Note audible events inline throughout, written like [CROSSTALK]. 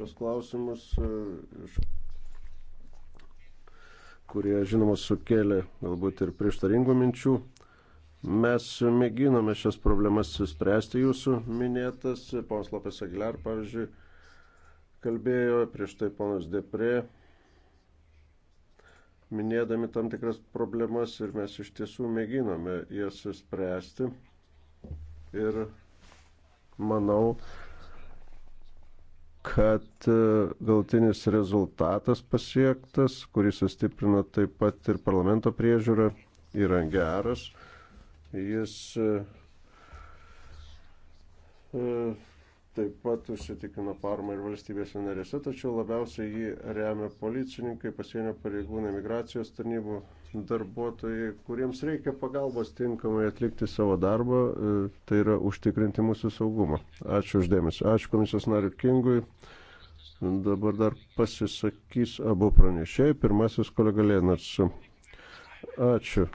šios klausimus, e, kurie, žinoma, sukėlė galbūt ir prieštaringų minčių. Mes mėginome šias problemas spręsti jūsų minėtas. Ponas Lopes Aguilar, pavyzdžiui, kalbėjo, prieš tai ponas Deprė, minėdami tam tikras problemas ir mes iš tiesų mėginome jas spręsti. Ir manau, kad e, galtinis rezultatas pasiektas, kuris sustiprino taip pat ir parlamento priežiūrą, yra geras. Jis e, e, taip pat užsitikino parmą ir valstybėse narėse, tačiau labiausiai jį remia policininkai, pasienio pareigūnai, migracijos tarnybų darbuotojai, kuriems reikia pagalbos tinkamai atlikti savo darbą, e, tai yra užtikrinti mūsų saugumą. Ačiū uždėmesi. Ačiū komisijos nariu Kingui. Dabar dar pasisakys abu pranešėjai. Pirmasis kolega Lėnars. Ačiū.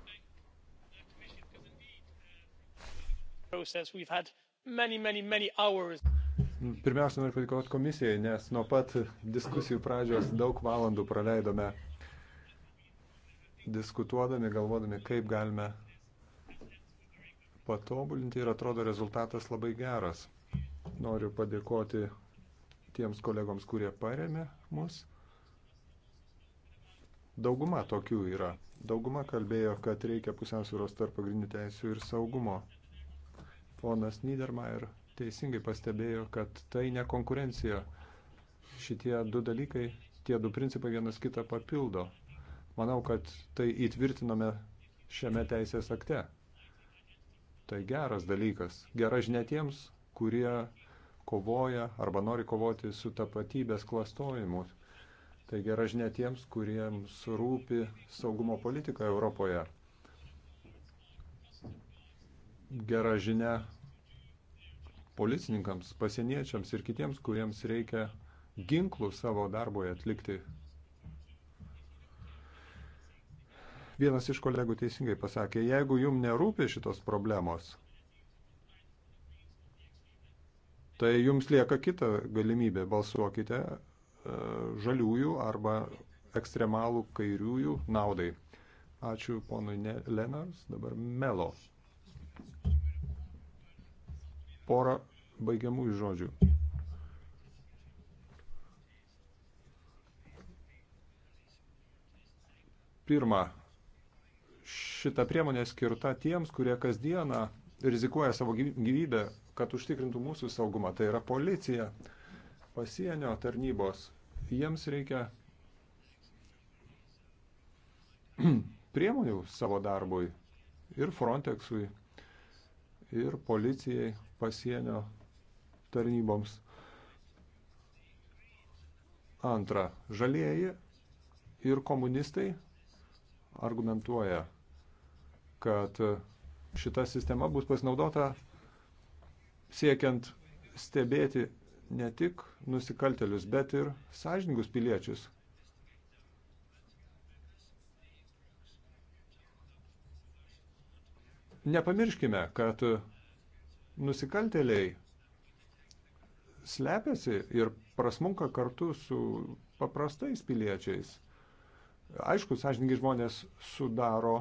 Pirmiausia, noriu padėkoti komisijai, nes nuo pat diskusijų pradžios daug valandų praleidome diskutuodami, galvodami, kaip galime patobulinti ir atrodo rezultatas labai geras. Noriu padėkoti tiems kolegoms, kurie paremė mus. Dauguma tokių yra. Dauguma kalbėjo, kad reikia pusiausvėros tarp pagrindinių teisų ir saugumo. Ponas Niedermayer teisingai pastebėjo, kad tai ne konkurencija. Šitie du dalykai, tie du principai vienas kitą papildo. Manau, kad tai įtvirtinome šiame teisės akte. Tai geras dalykas. Gera žinia tiems, kurie kovoja arba nori kovoti su tapatybės klastojimu. Tai gera žinia tiems, kuriems rūpi saugumo politika Europoje. Gera žinia policininkams, pasieniečiams ir kitiems, kuriems reikia ginklų savo darboje atlikti Vienas iš kolegų teisingai pasakė, jeigu jum nerūpi šitos problemos, tai jums lieka kita galimybė. Balsuokite e, žaliųjų arba ekstremalų kairiųjų naudai. Ačiū ponui Lenars, dabar Melo. Porą baigiamųjų žodžių. Pirma, šita priemonė skirta tiems, kurie kasdieną rizikuoja savo gyvybę, kad užtikrintų mūsų saugumą. Tai yra policija, pasienio tarnybos. Jiems reikia [CLEARS THROAT] priemonių savo darbui ir Frontexui, ir policijai, pasienio tarnyboms. Antra, žalieji ir komunistai argumentuoja kad šita sistema bus pasinaudota siekiant stebėti ne tik nusikaltelius, bet ir sąžiningus piliečius. Nepamirškime, kad nusikalteliai slepiasi ir prasmunka kartu su paprastais piliečiais. Aišku, sąžininkai žmonės sudaro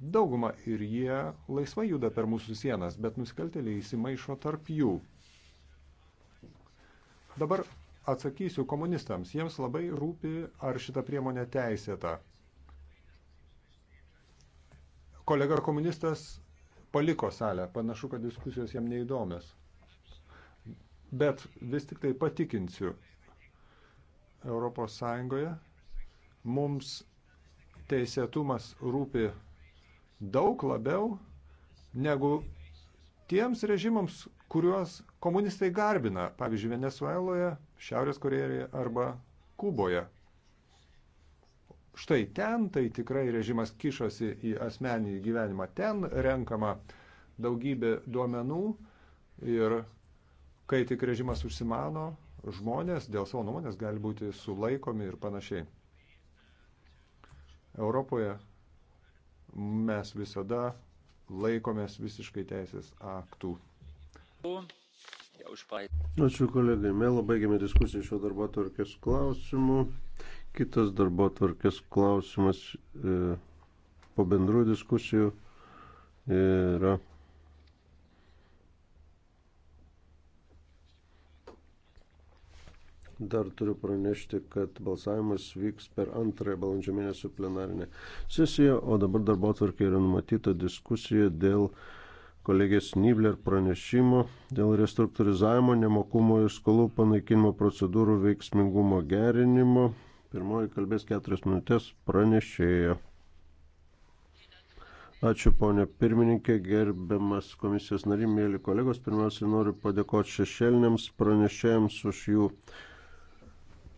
daugumą ir jie laisvai juda per mūsų sienas, bet nusikaltėliai įsimaišo tarp jų. Dabar atsakysiu komunistams, jiems labai rūpi, ar šita priemonė teisėta. Kolega komunistas paliko salę, panašu, kad diskusijos jam neįdomios. Bet vis tik tai patikinsiu, Europos Sąjungoje mums teisėtumas rūpi daug labiau negu tiems režimams, kuriuos komunistai garbina, pavyzdžiui, Venezueloje, Šiaurės Korejoje arba Kuboje. Štai ten tai tikrai režimas kišosi į asmeninį gyvenimą, ten renkama daugybė duomenų ir kai tik režimas užsimano, žmonės dėl savo nuomonės gali būti sulaikomi ir panašiai. Europoje mes visada laikomės visiškai teisės aktų. Ačiū kolegai, mėla, baigėme diskusiją šio darbo tvarkės klausimų. Kitas darbo tvarkės klausimas e, po bendrų diskusijų e, yra. Dar turiu pranešti, kad balsavimas vyks per antrąją balandžio mėnesio plenarinę sesiją, o dabar darbo atvarkė yra numatyta diskusija dėl kolegės Nibler pranešimo dėl restruktūrizavimo, nemokumo ir skolų panaikinimo procedūrų veiksmingumo gerinimo. Pirmoji kalbės keturias minutės pranešėjo. Ačiū ponė pirmininkė, gerbiamas komisijos nariai, mėly kolegos. Pirmiausia, noriu padėkoti šešėliniams pranešėjams už jų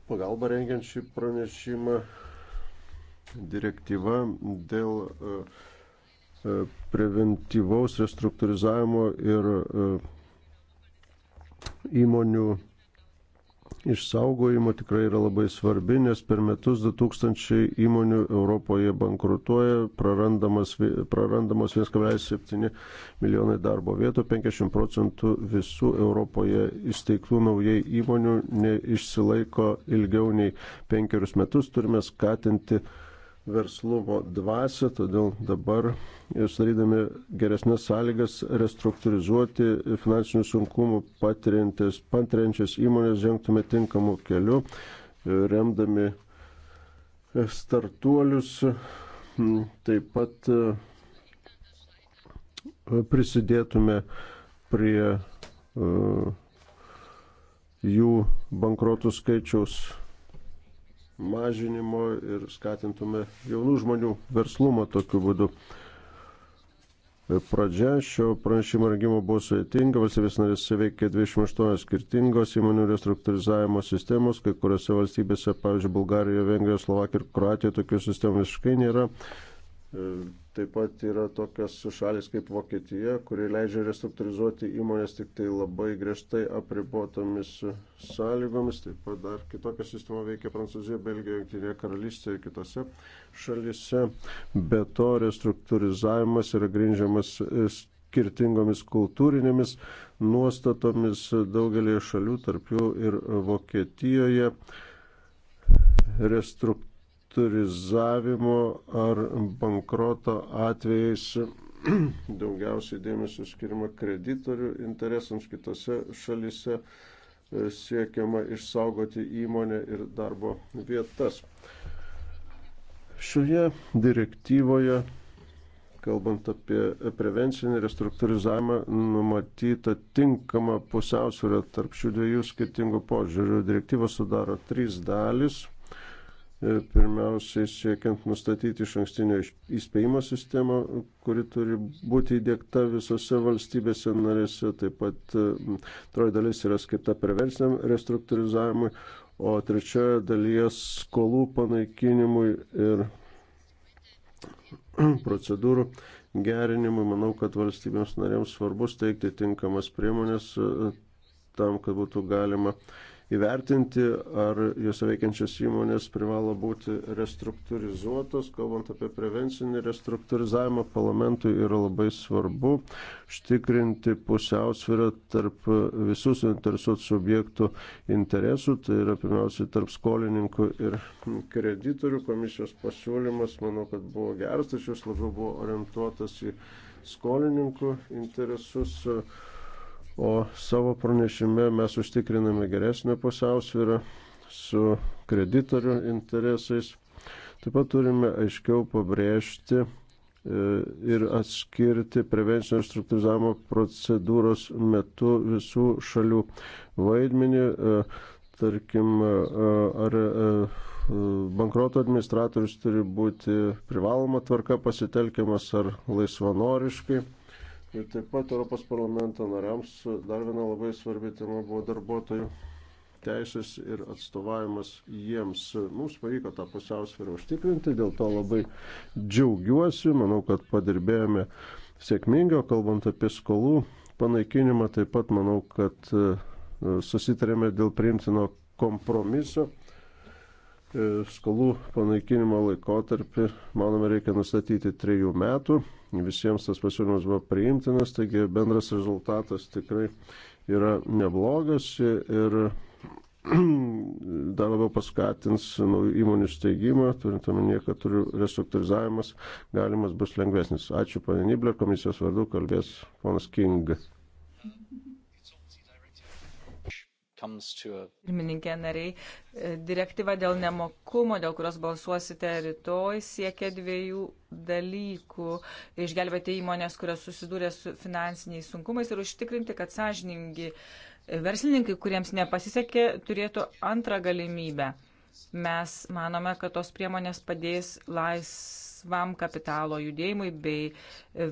pagalbą rengiant šį pranešimą. Direktyva dėl e, e, preventyvaus restruktūrizavimo ir e, įmonių išsaugojimo tikrai yra labai svarbi, nes per metus 2000 įmonių Europoje bankrutuoja, prarandamos, prarandamos 1,7 milijonai darbo vietų, 50 procentų visų Europoje įsteigtų naujai įmonių neišsilaiko ilgiau nei penkerius metus, turime skatinti verslumo dvasę, todėl dabar, sudarydami geresnės sąlygas, restruktūrizuoti finansinių sunkumų patiriančias įmonės, žengtume tinkamu keliu, remdami startuolius, taip pat prisidėtume prie jų bankrotų skaičiaus mažinimo ir skatintume jaunų žmonių verslumą tokiu būdu. Pradžia šio pranešimo rengimo buvo sudėtinga, valstybės narėse veikia 28 skirtingos įmonių restruktūrizavimo sistemos, kai kuriuose valstybėse, pavyzdžiui, Bulgarijoje, Vengrijoje, Slovakijoje ir Kroatijoje tokių sistemų visiškai nėra. Taip pat yra tokios šalis kaip Vokietija, kuri leidžia restruktūrizuoti įmonės tik tai labai griežtai apribotomis sąlygomis. Taip pat dar kitokia sistema veikia Prancūzijoje, Belgijoje, Junktinėje karalystėje ir kitose šalise. Be to restruktūrizavimas yra grindžiamas skirtingomis kultūrinėmis nuostatomis daugelį šalių, tarp jų ir Vokietijoje. Restruk restruktūrizavimo ar bankroto atvejais [CLEARS THROAT] daugiausiai dėmesio skirima kreditorių interesams kitose šalise e, siekiama išsaugoti įmonę ir darbo vietas. Šioje direktyvoje, kalbant apie prevencinį restruktūrizavimą, numatyta tinkama pusiausvyrė tarp šių dviejų skirtingų požiūrių. Direktyva sudaro trys dalis E, pirmiausiai siekiant nustatyti iš ankstinio įspėjimo sistemą, kuri turi būti įdėkta visose valstybėse narėse. Taip pat e, troji dalis yra skirta prevenciniam restruktūrizavimui, o trečioje dalies skolų panaikinimui ir [CLEARS THROAT] procedūrų gerinimui. Manau, kad valstybėms narėms svarbu steigti tinkamas priemonės e, tam, kad būtų galima uh, įvertinti, ar juose veikiančios įmonės privalo būti restruktūrizuotos. Kalbant apie prevencinį restruktūrizavimą, parlamentui yra labai svarbu štikrinti pusiausvyrą tarp visų suinteresuotų subjektų interesų, tai yra pirmiausiai tarp skolininkų ir kreditorių. Komisijos pasiūlymas, manau, kad buvo geras, tačiau jis labiau buvo orientuotas į skolininkų interesus. Uh, o savo pranešime mes užtikriname geresnę pusiausvyrą su kreditorių interesais. Taip pat turime aiškiau pabrėžti e, ir atskirti prevencinio struktūrizavimo procedūros metu visų šalių vaidmenį, e, tarkim, e, ar bankroto administratorius turi būti privaloma tvarka pasitelkiamas ar laisvanoriškai Ir taip pat Europos parlamento nariams dar viena labai svarbi tema buvo darbuotojų teisės ir atstovavimas jiems. Mums pavyko tą pusiausvyrą užtikrinti, dėl to labai džiaugiuosi, manau, kad padirbėjome sėkmingiau, kalbant apie skolų panaikinimą, taip pat manau, kad e, susitarėme dėl priimtino kompromiso. E, skolų panaikinimo laikotarpį, manome, reikia nustatyti trejų metų visiems tas pasiūlymas buvo priimtinas, taigi bendras rezultatas tikrai yra neblogas ir [CLEARS THROAT] dar labiau paskatins naujų įmonių steigimą, turint omenyje, kad turiu restruktūrizavimas galimas bus lengvesnis. Ačiū, panė Nibler, komisijos vardu kalbės ponas King. Pirmininkė nariai, e, direktyva dėl nemokumo, dėl kurios balsuosite rytoj, siekia dviejų dalykų - išgelbėti įmonės, kurios susidūrė su finansiniais sunkumais ir užtikrinti, kad sąžiningi e, verslininkai, kuriems nepasisekė, turėtų antrą galimybę. Mes manome, kad tos priemonės padės lais, laisvam kapitalo judėjimui bei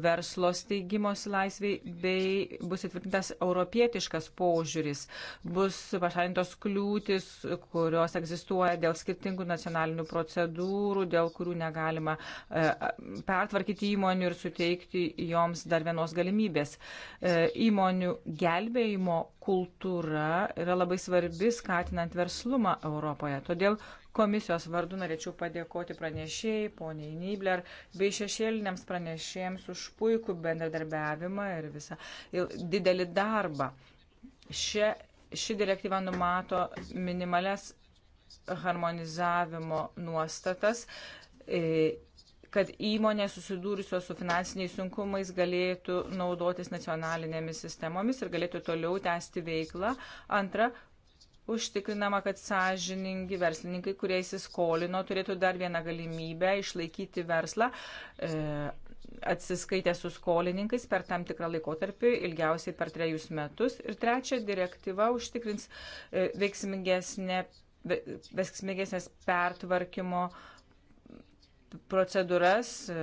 verslo steigimosi laisviai, bei bus įtvirtintas europietiškas požiūris, bus pašalintos kliūtis, kurios egzistuoja dėl skirtingų nacionalinių procedūrų, dėl kurių negalima e, pertvarkyti įmonių ir suteikti joms dar vienos galimybės. E, įmonių gelbėjimo kultūra yra labai svarbi skatinant verslumą Europoje. Todėl Komisijos vardu norėčiau padėkoti pranešėjai, poniai Nibler, bei šešėliniams pranešėjams už puikų bendradarbiavimą ir visą ir didelį darbą. Šia, ši direktyva numato minimales harmonizavimo nuostatas, e, kad įmonės susidūrusios su finansiniais sunkumais galėtų naudotis nacionalinėmis sistemomis ir galėtų toliau tęsti veiklą. Antra, Užtikrinama, kad sąžiningi verslininkai, kurie įsiskolino, turėtų dar vieną galimybę išlaikyti verslą, e, atsiskaitę su skolininkais per tam tikrą laikotarpį, ilgiausiai per trejus metus. Ir trečia, direktyva užtikrins e, veiksmingesnę, veiksmingesnės pertvarkymo procedūras. E,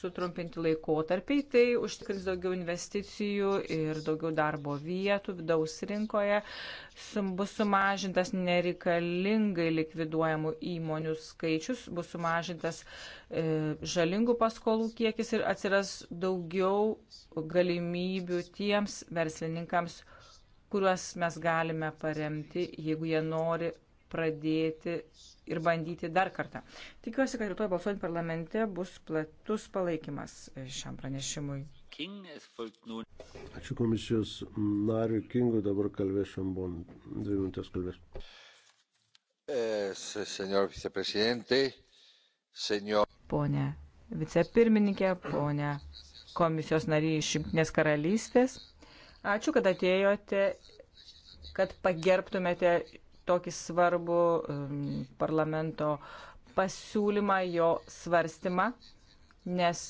sutrumpinti laikotarpiai, tai užtikrins daugiau investicijų ir daugiau darbo vietų vidaus rinkoje, sum, bus sumažintas nereikalingai likviduojamų įmonių skaičius, bus sumažintas e, žalingų paskolų kiekis ir atsiras daugiau galimybių tiems verslininkams, kuriuos mes galime paremti, jeigu jie nori pradėti ir bandyti dar kartą. Tikiuosi, kad rytoj balsuojant parlamente bus platus palaikymas šiam pranešimui. Ačiū komisijos nariu Kingu, dabar kalbės Šambon, dvi minutės kalbės. Pone vicepirmininkė, pone komisijos nariai iš Junktinės karalystės. Ačiū, kad atėjote, kad pagerbtumėte tokį svarbų um, parlamento pasiūlymą, jo svarstymą, nes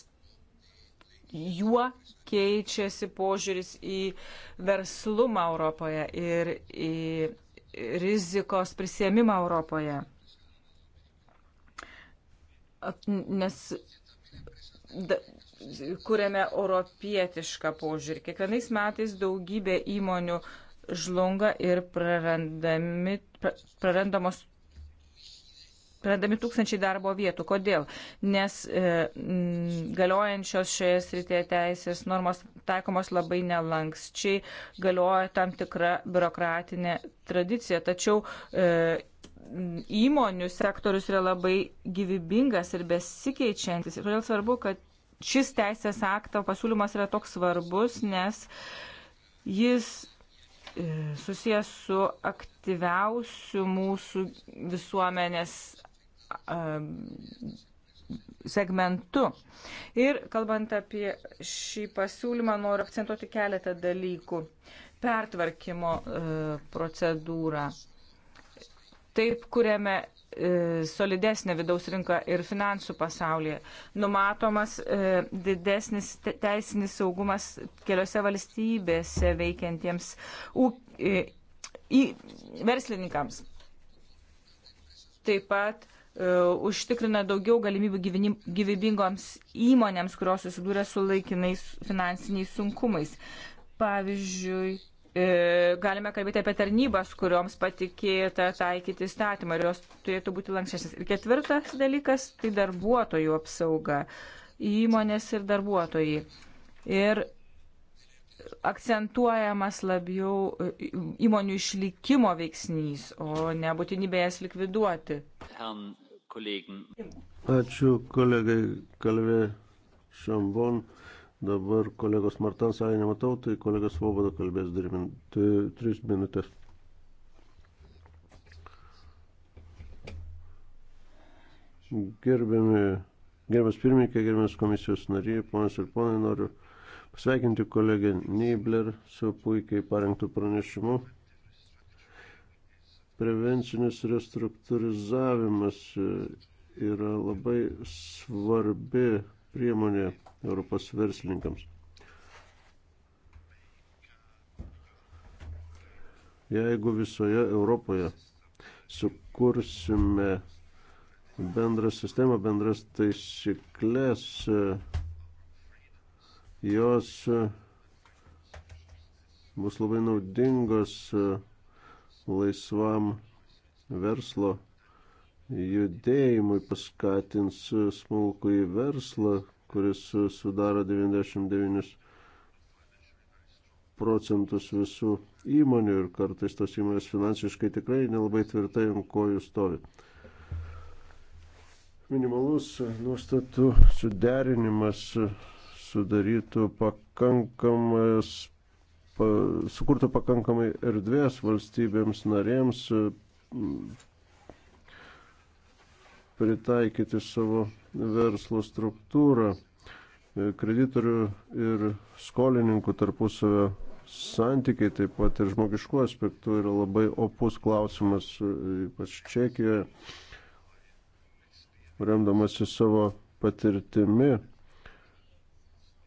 juo keičiasi požiūris į verslumą Europoje ir į rizikos prisėmimą Europoje. Nes da, kuriame europietišką požiūrį. Kiekvienais metais daugybė įmonių uh, žlunga ir prarandami, prarandamos prarandami tūkstančiai darbo vietų. Kodėl? Nes e, m, galiojančios šioje srityje teisės normos taikomos labai nelankščiai, galioja tam tikra biurokratinė tradicija. Tačiau e, įmonių sektorius yra labai gyvybingas ir besikeičiantis. Ir todėl svarbu, kad šis teisės akto pasiūlymas yra toks svarbus, nes jis E, susijęs su aktyviausiu mūsų visuomenės segmentu. Ir kalbant apie šį pasiūlymą, noriu akcentuoti keletą dalykų. Pertvarkymo e, procedūrą. Taip kuriame E, solidesnė vidaus rinka ir finansų pasaulyje. Numatomas e, didesnis teisinis saugumas keliose valstybėse veikiantiems ūk, e, į, verslininkams. Taip pat e, užtikrina daugiau galimybių gyvenim, gyvybingoms įmonėms, kurios susidūrė su laikinais finansiniais sunkumais. Pavyzdžiui, E, galime kalbėti apie tarnybas, kurioms patikėta taikyti įstatymą ir jos turėtų būti lankščiasis. Ir ketvirtas dalykas - tai darbuotojų apsauga, įmonės ir darbuotojai. Ir akcentuojamas labiau e, įmonių išlikimo veiksnys, o ne būtinybė jas likviduoti. Ačiū kolegai Kalvė Šambon. Dabar kolegos Martans, ai nematau, tai kolegas Voboda kalbės dar min, tai, tris minutės. Gerbiami, gerbiamas pirmininkė, gerbiamas komisijos nariai, ponas ir ponai, noriu pasveikinti kolegę Nibler su puikiai parengtų pranešimu. Prevencinis restruktūrizavimas e, yra labai svarbi priemonė Europos verslininkams. Jeigu visoje Europoje sukursime bendrą sistemą, bendras taisyklės, jos bus labai naudingos laisvam verslo judėjimui paskatins smulkų į verslą, kuris sudaro 99 procentus visų įmonių ir kartais tos įmonės finansiškai tikrai nelabai tvirtai ant kojų stovi. Minimalus nuostatų suderinimas sudarytų pakankamas, pa, sukurtų pakankamai erdvės valstybėms narėms pritaikyti savo verslo struktūrą. E, kreditorių ir skolininkų tarpusavio santykiai taip pat ir žmogiškų aspektų yra labai opus klausimas, e, ypač Čekijoje, remdamasi savo patirtimi.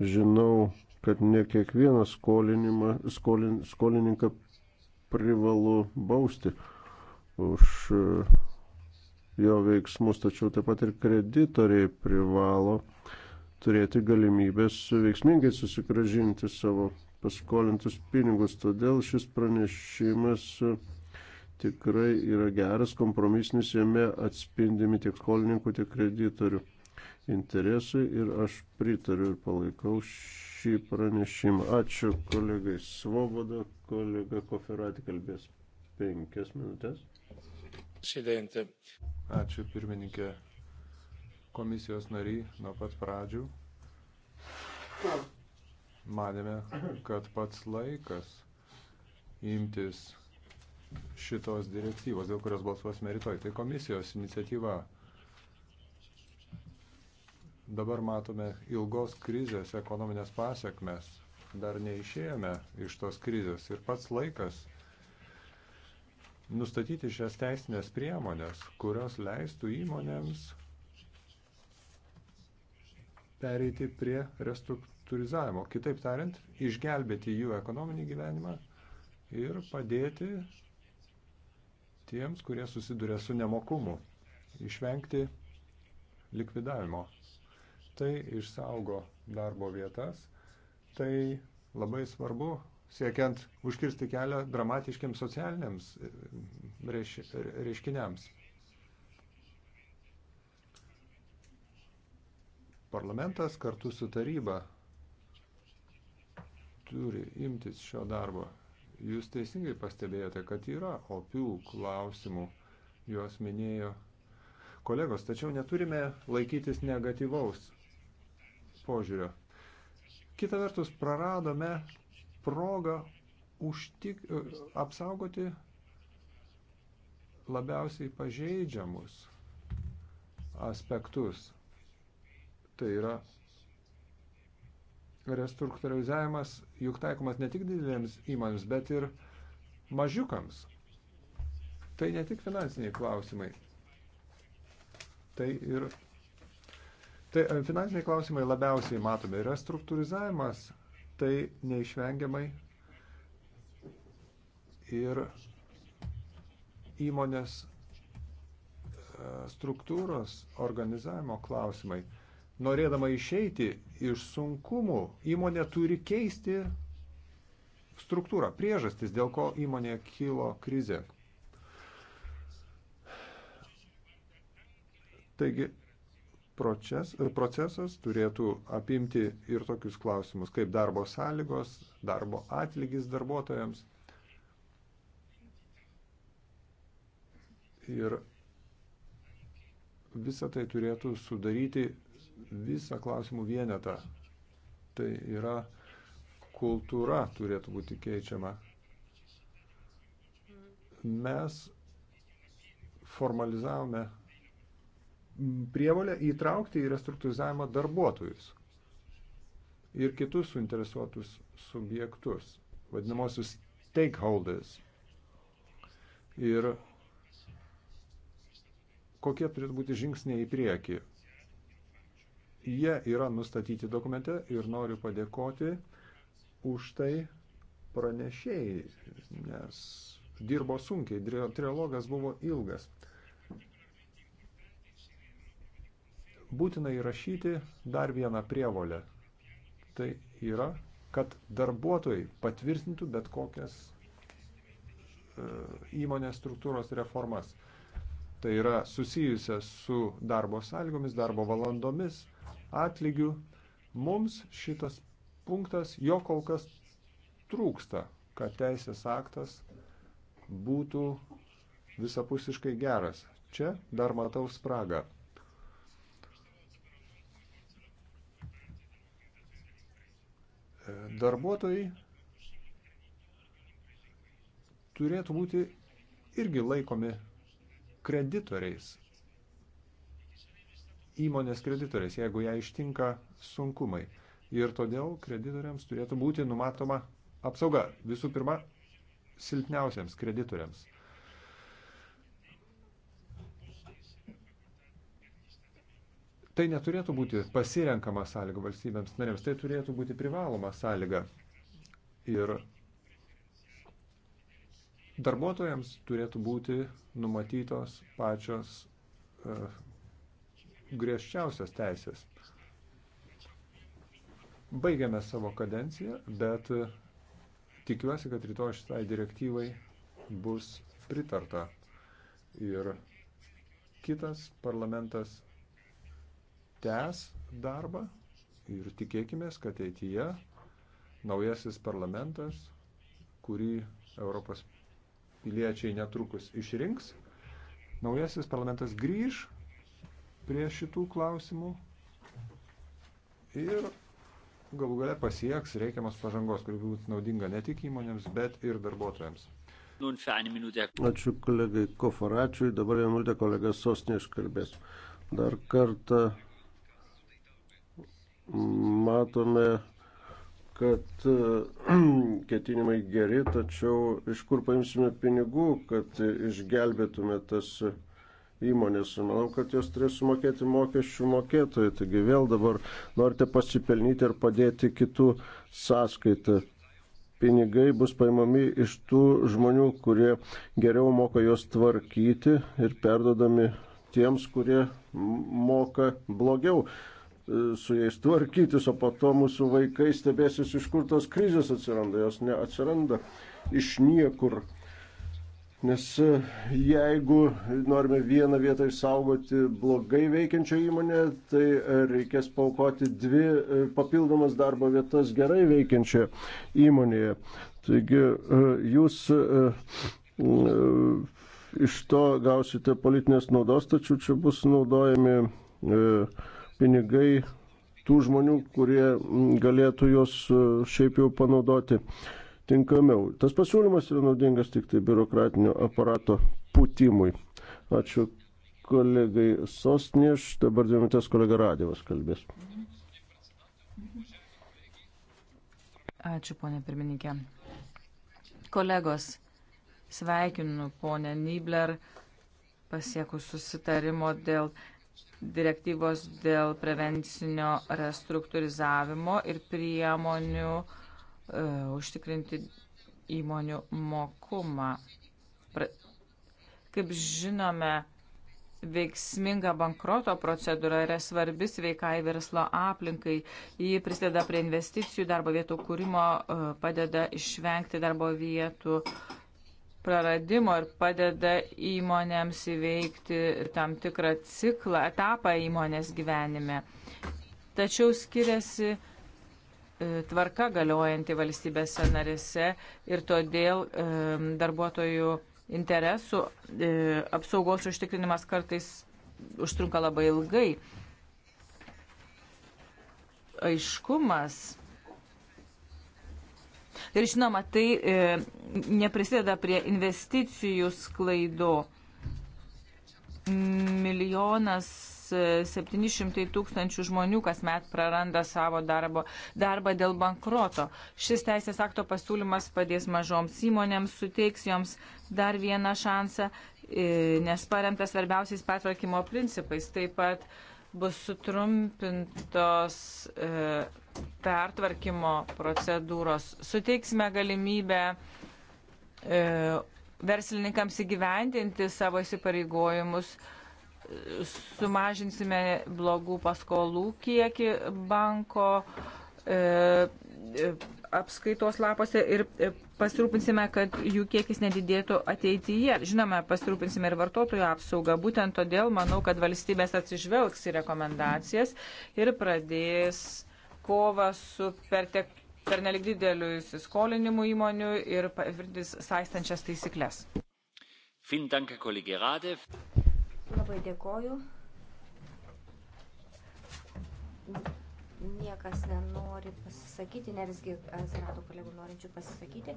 Žinau, kad ne kiekvieną skolin, skolininką privalu bausti už e, jo veiksmus, tačiau taip pat ir kreditoriai privalo turėti galimybės veiksmingai susigražinti savo paskolintus pinigus. Todėl šis pranešimas tikrai yra geras, kompromisinis, jame atspindimi tiek skolininkų, tiek kreditorių interesai ir aš pritariu ir palaikau šį pranešimą. Ačiū kolegai Svoboda, kolega Koferati kalbės penkias minutės. Presidente. Ačiū pirmininkė komisijos nariai nuo pat pradžių. Manėme, kad pats laikas imtis šitos direktyvos, dėl kurios balsuosime rytoj. Tai komisijos iniciatyva. Dabar matome ilgos krizės ekonominės pasiekmes. Dar neišėjome iš tos krizės ir pats laikas nustatyti šias teisinės priemonės, kurios leistų įmonėms pereiti prie restruktūrizavimo. Kitaip tariant, išgelbėti jų ekonominį gyvenimą ir padėti tiems, kurie susiduria su nemokumu, išvengti likvidavimo. Tai išsaugo darbo vietas, tai labai svarbu siekiant užkirsti kelią dramatiškiams socialiniams e, reiš, reiškiniams. Parlamentas kartu su taryba turi imtis šio darbo. Jūs teisingai pastebėjote, kad yra opių klausimų, juos minėjo kolegos, tačiau neturime laikytis negatyvaus požiūrio. Kita vertus, praradome progą užtik, e, apsaugoti labiausiai pažeidžiamus aspektus. Tai yra restruktūrizavimas juk taikomas ne tik didelėms įmonėms, bet ir mažiukams. Tai ne tik finansiniai klausimai. Tai ir tai e, finansiniai klausimai labiausiai matomi. Restruktūrizavimas tai neišvengiamai ir įmonės e, struktūros organizavimo klausimai. Norėdama išeiti iš sunkumų, įmonė turi keisti struktūrą, priežastis, dėl ko įmonėje kilo krizė. Taigi proces, procesas turėtų apimti ir tokius klausimus kaip darbo sąlygos, darbo atlygis darbuotojams. Ir visą tai turėtų sudaryti visą klausimų vienetą. Tai yra kultūra turėtų būti keičiama. Mes formalizavome prievalę įtraukti į restruktūrizavimą darbuotojus ir kitus suinteresuotus subjektus, vadinamosius stakeholders. Ir kokie turėtų būti žingsniai į priekį. Jie yra nustatyti dokumente ir noriu padėkoti už tai pranešėjai, nes dirbo sunkiai, trialogas buvo ilgas. būtina įrašyti dar vieną prievolę. Tai yra, kad darbuotojai patvirtintų bet kokias e, įmonės struktūros reformas. Tai yra susijusias su darbo sąlygomis, darbo valandomis, atlygių. Mums šitas punktas jo kol kas trūksta, kad teisės aktas būtų visapusiškai geras. Čia dar matau spragą. darbuotojai turėtų būti irgi laikomi kreditoriais, įmonės kreditoriais, jeigu ją ištinka sunkumai. Ir todėl kreditoriams turėtų būti numatoma apsauga visų pirma silpniausiams kreditoriams. Tai neturėtų būti pasirenkama sąlyga valstybėms narėms, tai turėtų būti privaloma sąlyga. Ir darbuotojams turėtų būti numatytos pačios uh, griežčiausios teisės. Baigiame savo kadenciją, bet e, tikiuosi, kad rytoj šitai direktyvai bus pritarta. Ir kitas parlamentas tęs darbą ir tikėkime, kad ateityje naujasis parlamentas, kurį Europos piliečiai netrukus išrinks, naujasis parlamentas grįž prie šitų klausimų ir galų gale pasieks reikiamas pažangos, kuri būtų naudinga ne tik įmonėms, bet ir darbuotojams. Ačiū kolegai Kofaračiui, dabar vienuolė kolega Sosnė iškalbės. Dar kartą matome, kad e, [CLEARS THROAT] ketinimai geri, tačiau iš kur paimsime pinigų, kad išgelbėtume tas įmonės. Manau, kad jos turės sumokėti mokesčių mokėtojai. Taigi vėl dabar norite pasipelnyti ir padėti kitų sąskaitą. Pinigai bus paimami iš tų žmonių, kurie geriau moka juos tvarkyti ir perdodami tiems, kurie moka blogiau. E, su jais tvarkytis, o po to mūsų vaikai stebėsis, iš kur tos krizės atsiranda, jos neatsiranda iš niekur. Nes e, jeigu norime vieną vietą išsaugoti blogai veikiančią įmonę, tai e, reikės paukoti dvi papildomas darbo vietas gerai veikiančią įmonėje. Taigi jūs iš to gausite politinės naudos, tačiau čia bus naudojami pinigai tų žmonių, kurie galėtų juos e, šiaip jau panaudoti tinkamiau. Tas pasiūlymas yra naudingas tik tai biurokratinio aparato putimui. Ačiū kolegai Sosnieš, dabar dvi minutės kolega Radėvas kalbės. Ačiū, ponė pirmininkė. Kolegos, sveikinu ponę Nibler pasiekus susitarimo dėl direktyvos dėl prevencinio restruktūrizavimo ir priemonių e, užtikrinti įmonių mokumą. Pra, kaip žinome, veiksminga bankroto procedūra yra svarbi sveikai verslo aplinkai. Ji prisideda prie investicijų, darbo vietų kūrimo, e, padeda išvengti darbo vietų praradimo ir padeda įmonėms įveikti tam tikrą ciklą, etapą įmonės gyvenime. Tačiau skiriasi e, tvarka galiojanti valstybėse narėse ir todėl e, darbuotojų interesų e, apsaugos užtikrinimas kartais užtrunka labai ilgai. Aiškumas Ir žinoma, tai e, neprisideda prie investicijų sklaido. Milijonas 700 e, tūkstančių žmonių kasmet praranda savo darbo, darbą dėl bankroto. Šis teisės akto pasiūlymas padės mažoms įmonėms, suteiks joms dar vieną šansą, e, nes paremtas svarbiausiais pertvarkymo principais. Taip pat bus sutrumpintos. E, pertvarkymo procedūros. Suteiksime galimybę e, verslininkams įgyvendinti savo įsipareigojimus, sumažinsime blogų paskolų kiekį banko e, e apskaitos lapose ir e, pasirūpinsime, kad jų kiekis nedidėtų ateityje. Žinoma, pasirūpinsime ir vartotojų apsaugą. Būtent todėl manau, kad valstybės atsižvelgs į rekomendacijas ir pradės kovą su pertek, pernelik dideliu įsiskolinimu įmonių ir patvirtins saistančias taisyklės. Dank, Labai dėkoju. Niekas nenori pasisakyti, nevisgi atsirado kolegų norinčių pasisakyti.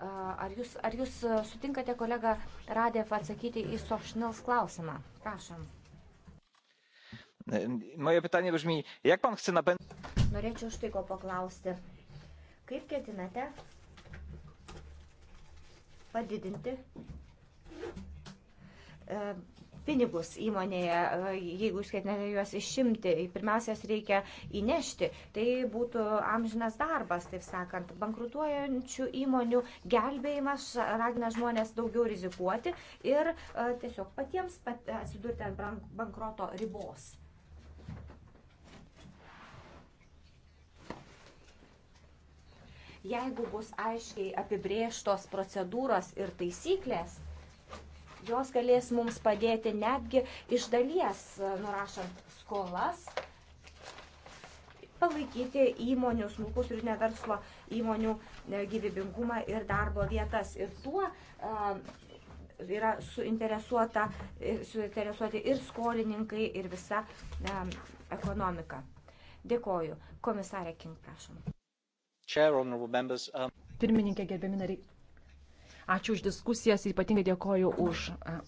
Ar jūs, ar jūs sutinkate kolega Radėv atsakyti į Sofšnils klausimą? Prašom. Moje pytanie brzmi, jak pan chce napędzać norėčiau štai ko paklausti. Kaip ketinate padidinti e, pinigus įmonėje, e, jeigu jūs ketinate juos išimti, pirmiausia, jas reikia įnešti. Tai būtų amžinas darbas, taip sakant. Bankrutuojančių įmonių gelbėjimas ragina žmonės daugiau rizikuoti ir e, tiesiog patiems pat atsidurti ant bankroto ribos. Jeigu bus aiškiai apibrėžtos procedūros ir taisyklės, jos galės mums padėti netgi iš dalies e, nurašant skolas palaikyti įmonių, smulkus ir neverslo įmonių e, gyvybingumą ir darbo vietas. Ir tuo e, yra suinteresuota, suinteresuoti ir skolininkai, ir visa ekonomika. Dėkoju. Komisarė King, prašom. Um, Pirmininkė, gerbiami nariai. Ačiū už diskusijas, ypatingai dėkoju už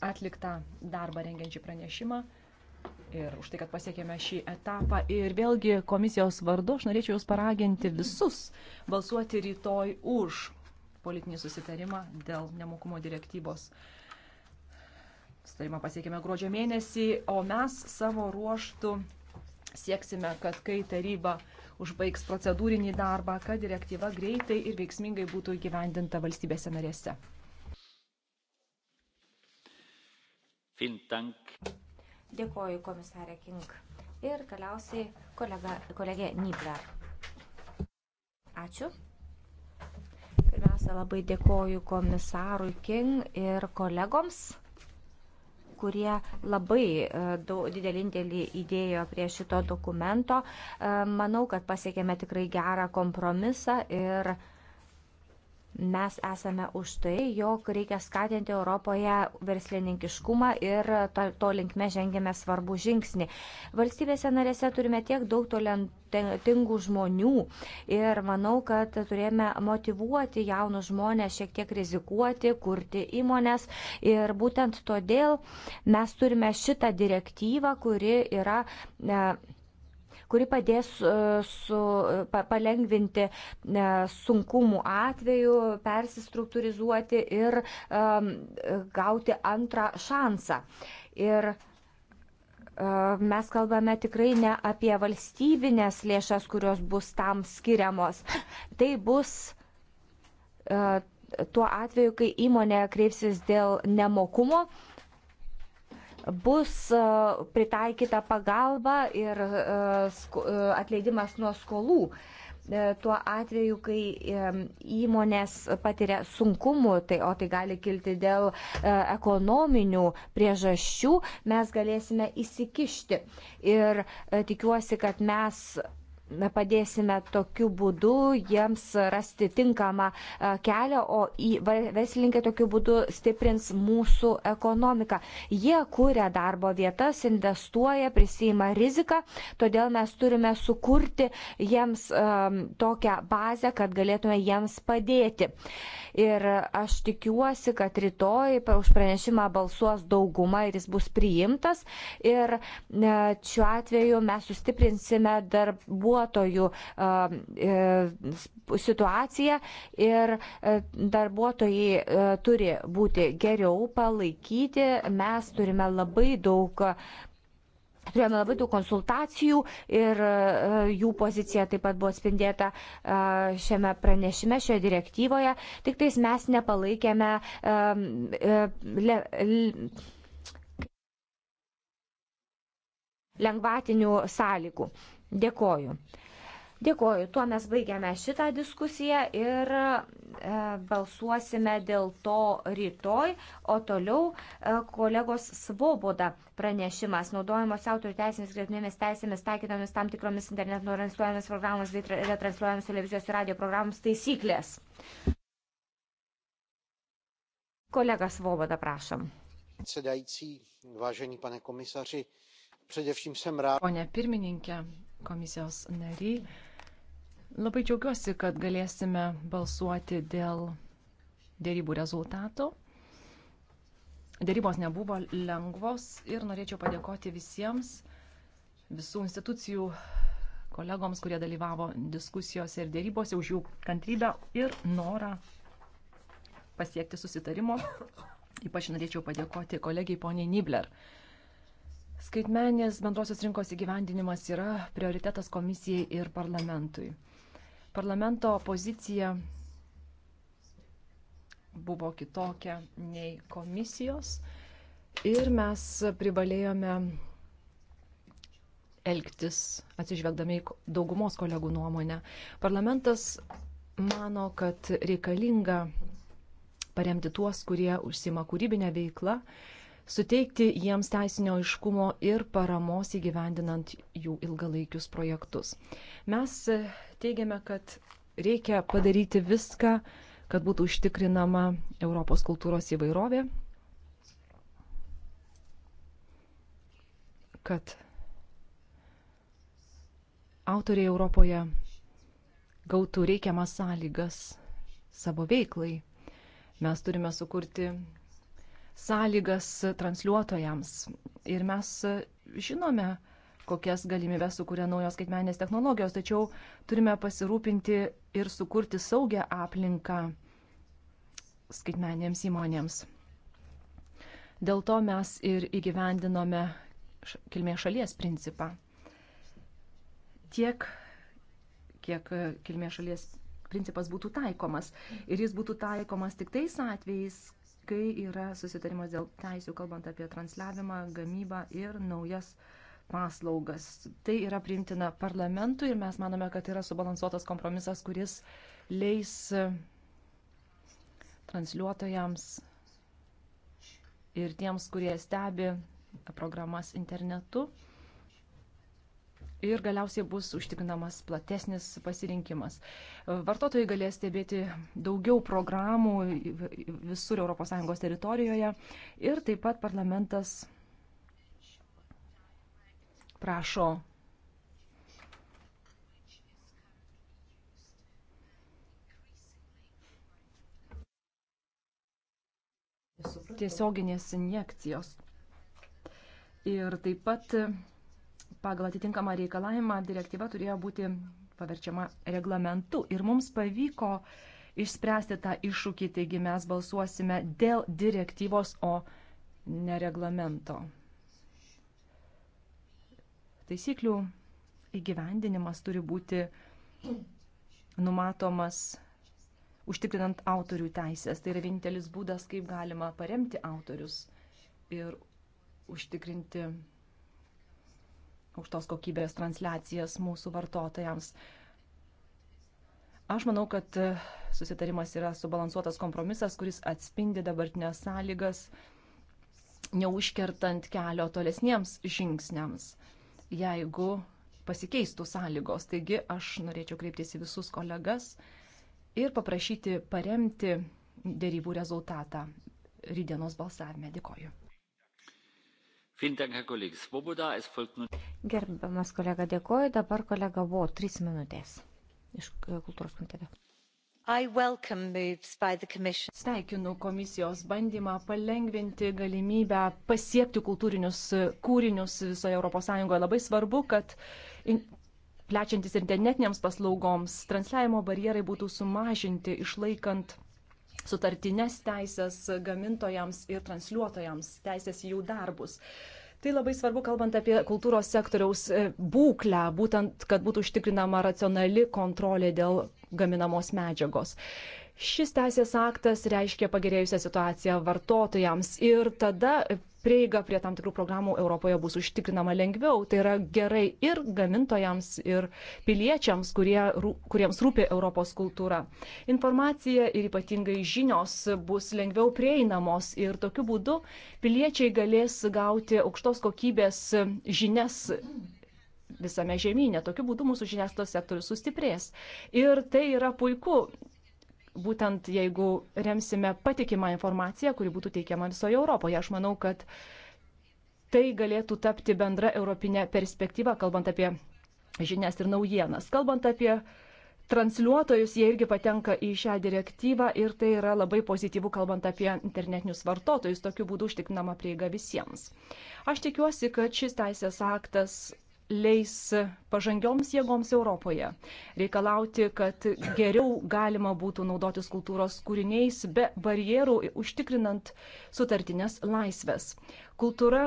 atliktą darbą rengiančią pranešimą ir už tai, kad pasiekėme šį etapą. Ir vėlgi komisijos vardu aš norėčiau Jūs paraginti visus balsuoti rytoj už politinį susitarimą dėl nemokumo direktybos. Sutarimą pasiekėme gruodžio mėnesį, o mes savo ruoštų sieksime, kad kai taryba užbaigs procedūrinį darbą, kad direktyva greitai ir veiksmingai būtų įgyvendinta valstybėse narėse. Dėkoju, komisarė King. Ir galiausiai kolega, kolegė Nibler. Ačiū. Pirmiausia, labai dėkoju komisarui King ir kolegoms kurie labai e, daug, didelį indėlį įdėjo prie šito dokumento. E, manau, kad pasiekėme tikrai gerą kompromisą ir Mes esame už tai, jog reikia skatinti Europoje verslininkiškumą ir to, to linkme žengėme svarbų žingsnį. Valstybėse narėse turime tiek daug talentingų žmonių ir manau, kad turėjome motivuoti jaunus žmonės šiek tiek rizikuoti, kurti įmonės ir būtent todėl mes turime šitą direktyvą, kuri yra. E, kuri padės e, su, pa, palengvinti e, sunkumų atveju, persistruktūrizuoti ir um, gauti antrą šansą. Ir e, mes kalbame tikrai ne apie valstybinės lėšas, kurios bus tam skiriamos. Tai bus tuo atveju, kai įmonė kreipsis dėl nemokumo bus e, pritaikyta pagalba ir e, e, atleidimas nuo skolų tuo atveju, kai įmonės patiria sunkumų, tai, o tai gali kilti dėl ekonominių priežasčių, mes galėsime įsikišti. Ir tikiuosi, kad mes padėsime tokiu būdu jiems rasti tinkamą kelią, o verslininkai tokiu būdu stiprins mūsų ekonomiką. Jie kūrė darbo vietas, investuoja, prisima riziką, todėl mes turime sukurti jiems um, tokią bazę, kad galėtume jiems padėti. Ir aš tikiuosi, kad rytoj už pranešimą balsuos dauguma ir jis bus priimtas. Ir šiuo atveju mes sustiprinsime darbuotojų darbuotojų e, situaciją ir e, darbuotojai e, turi būti geriau palaikyti. Mes turime labai daug Turėjome labai daug konsultacijų ir jų pozicija taip pat buvo spindėta šiame pranešime, šioje direktyvoje. Tik tais mes nepalaikėme. Le, le, lengvatinių sąlygų. Dėkoju. Dėkoju, tuo mes baigiame šitą diskusiją ir e, balsuosime dėl to rytoj, o toliau e, kolegos Svoboda pranešimas naudojamos autorių teisinės gretinėmis teisėmis taikytomis tam tikromis internetu transliuojamis programomis bei retransliuojamis televizijos ir radio programomis taisyklės. Kolega Svoboda, prašom. Předsedající, vážený pane komisaři, především jsem rád. Pone pirmininkė, komisijos nariai. Labai džiaugiuosi, kad galėsime balsuoti dėl dėrybų rezultato. Dėrybos nebuvo lengvos ir norėčiau padėkoti visiems, visų institucijų kolegoms, kurie dalyvavo diskusijose ir dėrybose, už jų kantrybę ir norą pasiekti susitarimo. Ypač norėčiau padėkoti kolegijai poniai Nibler Skaitmenės bendrosios rinkos įgyvendinimas yra prioritetas komisijai ir parlamentui. Parlamento pozicija buvo kitokia nei komisijos ir mes privalėjome elgtis atsižvelgdami į daugumos kolegų nuomonę. Parlamentas mano, kad reikalinga paremti tuos, kurie užsima kūrybinę veiklą, suteikti jiems teisinio aiškumo ir paramos įgyvendinant jų ilgalaikius projektus. Mes e, teigiame, kad reikia padaryti viską, kad būtų užtikrinama Europos kultūros įvairovė, kad autoriai Europoje gautų reikiamas sąlygas savo veiklai. Mes turime sukurti sąlygas transliuotojams. Ir mes žinome, kokias galimybės sukuria naujos skaitmenės technologijos, tačiau turime pasirūpinti ir sukurti saugią aplinką skaitmenėms įmonėms. Dėl to mes ir įgyvendinome kilmės šalies principą. Tiek, kiek kilmės šalies principas būtų taikomas. Ir jis būtų taikomas tik tais atvejais, kai yra susitarimas dėl teisų, kalbant apie transliavimą, gamybą ir naujas paslaugas. Tai yra priimtina parlamentui ir mes manome, kad yra subalansuotas kompromisas, kuris leis transliuotojams ir tiems, kurie stebi programas internetu, ir galiausiai bus užtikrinamas platesnis pasirinkimas. Vartotojai galės stebėti daugiau programų visur ES teritorijoje ir taip pat parlamentas prašo tiesioginės injekcijos. Ir taip pat pagal atitinkamą reikalavimą direktyva turėjo būti paverčiama reglamentu. Ir mums pavyko išspręsti tą iššūkį, taigi mes balsuosime dėl direktyvos, o ne reglamento. Taisyklių įgyvendinimas turi būti numatomas užtikrinant autorių teisės. Tai yra vienintelis būdas, kaip galima paremti autorius ir užtikrinti aukštos kokybės transliacijas mūsų vartotojams. Aš manau, kad e, susitarimas yra subalansuotas kompromisas, kuris atspindi dabartinės sąlygas, neužkertant kelio tolesniems žingsniams, jeigu pasikeistų sąlygos. Taigi aš norėčiau kreiptis į visus kolegas ir paprašyti paremti dėrybų rezultatą rydienos balsavime. Dėkoju. Gerbiamas kolega, dėkoju. Dabar kolega buvo trys minutės iš e, kultūros komiteto. Sveikinu komisijos bandymą palengvinti galimybę pasiekti kultūrinius kūrinius visoje ES. Labai svarbu, kad in, plečiantis internetinėms paslaugoms transliavimo barjerai būtų sumažinti, išlaikant sutartinės teisės gamintojams ir transliuotojams, teisės į jų darbus. Tai labai svarbu, kalbant apie kultūros sektoriaus e, būklę, būtent, kad būtų užtikrinama racionali kontrolė dėl gaminamos medžiagos. Šis teisės aktas reiškia pagerėjusią situaciją vartotojams ir tada prieiga prie tam tikrų programų Europoje bus užtikrinama lengviau. Tai yra gerai ir gamintojams, ir piliečiams, kurie, kuriems rūpi Europos kultūra. Informacija ir ypatingai žinios bus lengviau prieinamos ir tokiu būdu piliečiai galės gauti aukštos kokybės žinias visame žemynė. Tokiu būdu mūsų žiniasklaidos sektorius sustiprės. Ir tai yra puiku būtent jeigu remsime patikimą informaciją, kuri būtų teikiama visoje Europoje. Aš manau, kad tai galėtų tapti bendra europinė perspektyva, kalbant apie žinias ir naujienas. Kalbant apie transliuotojus, jie irgi patenka į šią direktyvą ir tai yra labai pozityvu, kalbant apie internetinius vartotojus, tokiu būdu užtikrinama prieiga visiems. Aš tikiuosi, kad šis teisės aktas leis pažangioms jėgoms Europoje reikalauti, kad geriau galima būtų naudotis kultūros kūriniais be barjerų, užtikrinant sutartinės laisvės. Kultūra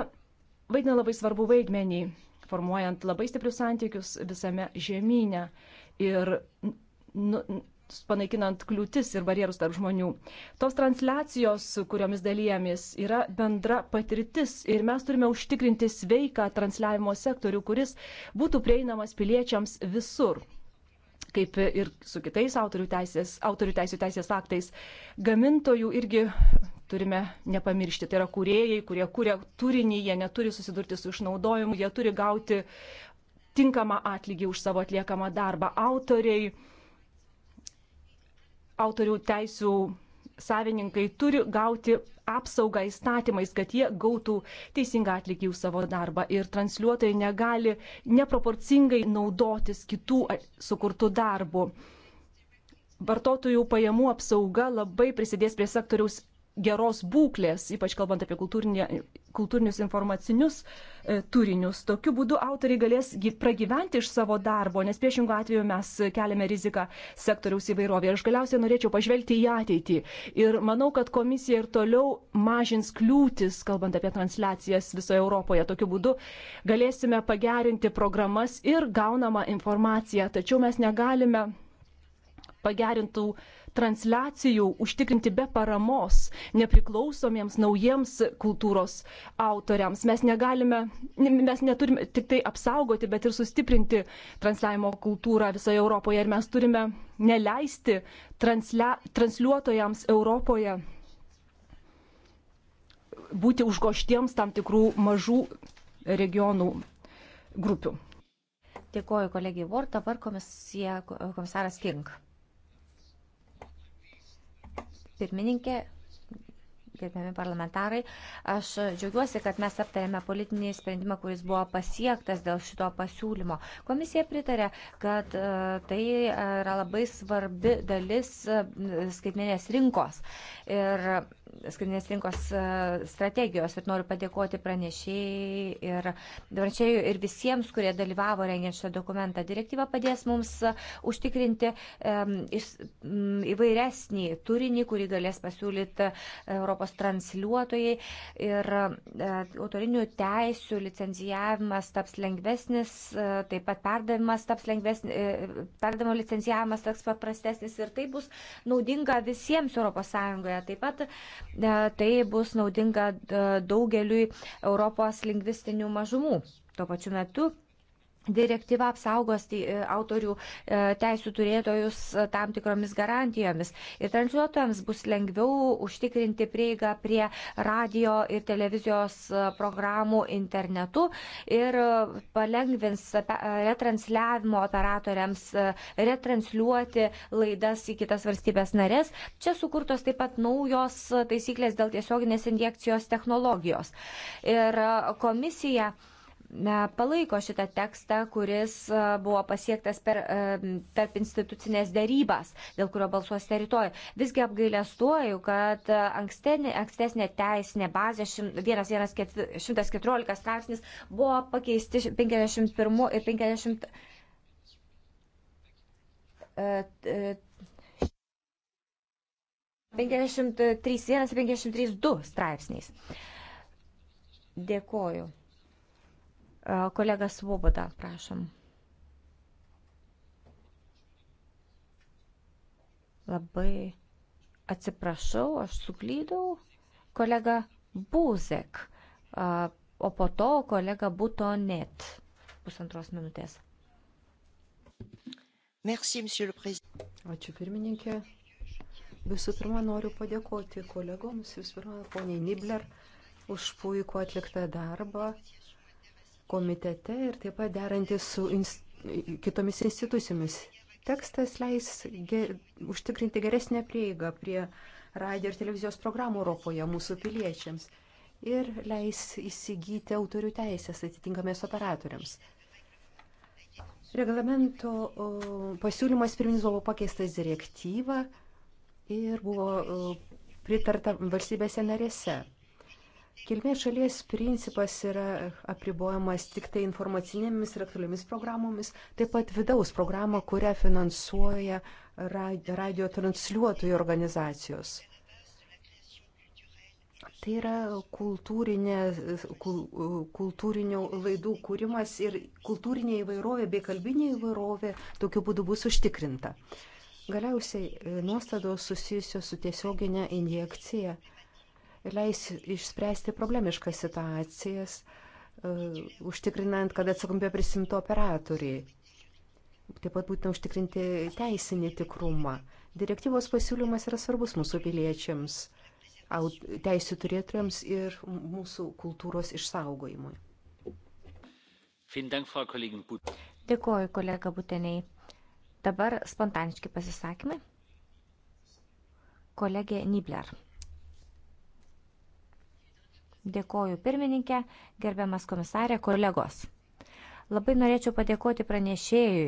vaidina labai svarbu vaidmenį, formuojant labai stiprius santykius visame žemynė ir nu, panaikinant kliūtis ir barjerus tarp žmonių. Tos transliacijos, kuriomis dalyjamis, yra bendra patirtis ir mes turime užtikrinti sveiką transliavimo sektorių, kuris būtų prieinamas piliečiams visur. Kaip ir su kitais autorių, teisės, autorių teisų teisės aktais, gamintojų irgi turime nepamiršti. Tai yra kūrėjai, kurie kūrė turinį, jie neturi susidurti su išnaudojimu, jie turi gauti tinkamą atlygį už savo atliekamą darbą. Autoriai, autorių teisų savininkai turi gauti apsaugą įstatymais, kad jie gautų teisingą atlygį už savo darbą ir transliuotojai negali neproporcingai naudotis kitų sukurtų darbų. Vartotojų pajamų apsauga labai prisidės prie sektoriaus geros būklės, ypač kalbant apie kultūrinius informacinius e, turinius. Tokiu būdu autoriai galės pragyventi iš savo darbo, nes priešingų atveju mes keliame riziką sektoriaus įvairovė. Ir aš galiausiai norėčiau pažvelgti į ateitį. Ir manau, kad komisija ir toliau mažins kliūtis, kalbant apie transliacijas visoje Europoje. Tokiu būdu galėsime pagerinti programas ir gaunamą informaciją. Tačiau mes negalime pagerintų uh, transliacijų užtikrinti be paramos nepriklausomiems naujiems kultūros autoriams. Mes negalime, mes neturime tik tai apsaugoti, bet ir sustiprinti transliavimo kultūrą visoje Europoje ir mes turime neleisti translia, transliuotojams Europoje būti užgoštiems tam tikrų mažų regionų grupių. Dėkuoju kolegijai Vort, dabar komisija, komisaras King pirmininkė, gerbiami parlamentarai, aš džiaugiuosi, kad mes aptarėme politinį sprendimą, kuris buvo pasiektas dėl šito pasiūlymo. Komisija pritarė, kad e, tai e, yra labai svarbi dalis e, skaitmenės rinkos. Ir skrinės rinkos e, strategijos ir noriu padėkoti pranešėjai ir pranešėjai ir visiems, kurie dalyvavo rengiant šitą dokumentą. Direktyva padės mums e, užtikrinti e, įvairesnį turinį, kurį galės pasiūlyti Europos transliuotojai ir autorinių teisių licencijavimas taps lengvesnis, taip pat perdavimas taps lengvesnis, perdavimo licencijavimas taps paprastesnis ir tai bus naudinga visiems ES. Taip pat E, tai bus naudinga e, daugeliui Europos lingvistinių mažumų. Tuo pačiu metu Direktyva apsaugos e, autorių e, teisų turėtojus e, tam tikromis garantijomis. Ir transliuotojams bus lengviau užtikrinti prieigą prie radio ir televizijos programų internetu ir palengvins retransliavimo operatoriams retransliuoti laidas į kitas valstybės narės. Čia sukurtos taip pat naujos taisyklės dėl tiesioginės injekcijos technologijos. Ir komisija palaiko šitą tekstą, kuris e, buvo pasiektas per, e, tarp institucinės dėrybas, dėl kurio balsuosite rytoj. Visgi apgailėstuoju, kad e, ankstenė, ankstesnė teisinė bazė 114 straipsnis buvo pakeisti 51 ir 50. Uh, 53.1 ir 53.2 straipsniais. Dėkoju. Kolega Svoboda, prašom. Labai atsiprašau, aš suklydau. Kolega Būzek, o po to kolega Būto net. Pusantros minutės. Merci, Ačiū pirmininkė. Visų pirma, noriu padėkoti kolegoms, visų pirma, poniai Nibler, už puikų atliktą darbą komitete ir taip pat derantis su inst kitomis institucijomis. Tekstas leis ge užtikrinti geresnę prieigą prie radio ir televizijos programų Europoje mūsų piliečiams ir leis įsigyti autorių teisės atitinkamės operatoriams. Reglamento pasiūlymas pirminis buvo pakeistas direktyva ir buvo pritarta valstybėse narėse. Kilmės šalies principas yra apribojamas tik tai informacinėmis ir aktualiomis programomis, taip pat vidaus programą, kurią finansuoja radio transliuotojų organizacijos. Tai yra kultūrinė, kultūrinių laidų kūrimas ir kultūrinė įvairovė bei kalbinė įvairovė tokiu būdu bus užtikrinta. Galiausiai e, nuostados susijusios su tiesioginė injekcija leis išspręsti problemiškas situacijas, e, užtikrinant, kad atsakomybė prisimtų operatoriai. Taip pat būtina užtikrinti teisinį tikrumą. Direktyvos pasiūlymas yra svarbus mūsų piliečiams, teisų turėtojams ir mūsų kultūros išsaugojimui. Dėkuoju, kolega Buteniai. Dabar spontaniški pasisakymai. Kolegė Nibler. Dėkoju pirmininkė, gerbiamas komisarė, kolegos. Labai norėčiau padėkoti pranešėjui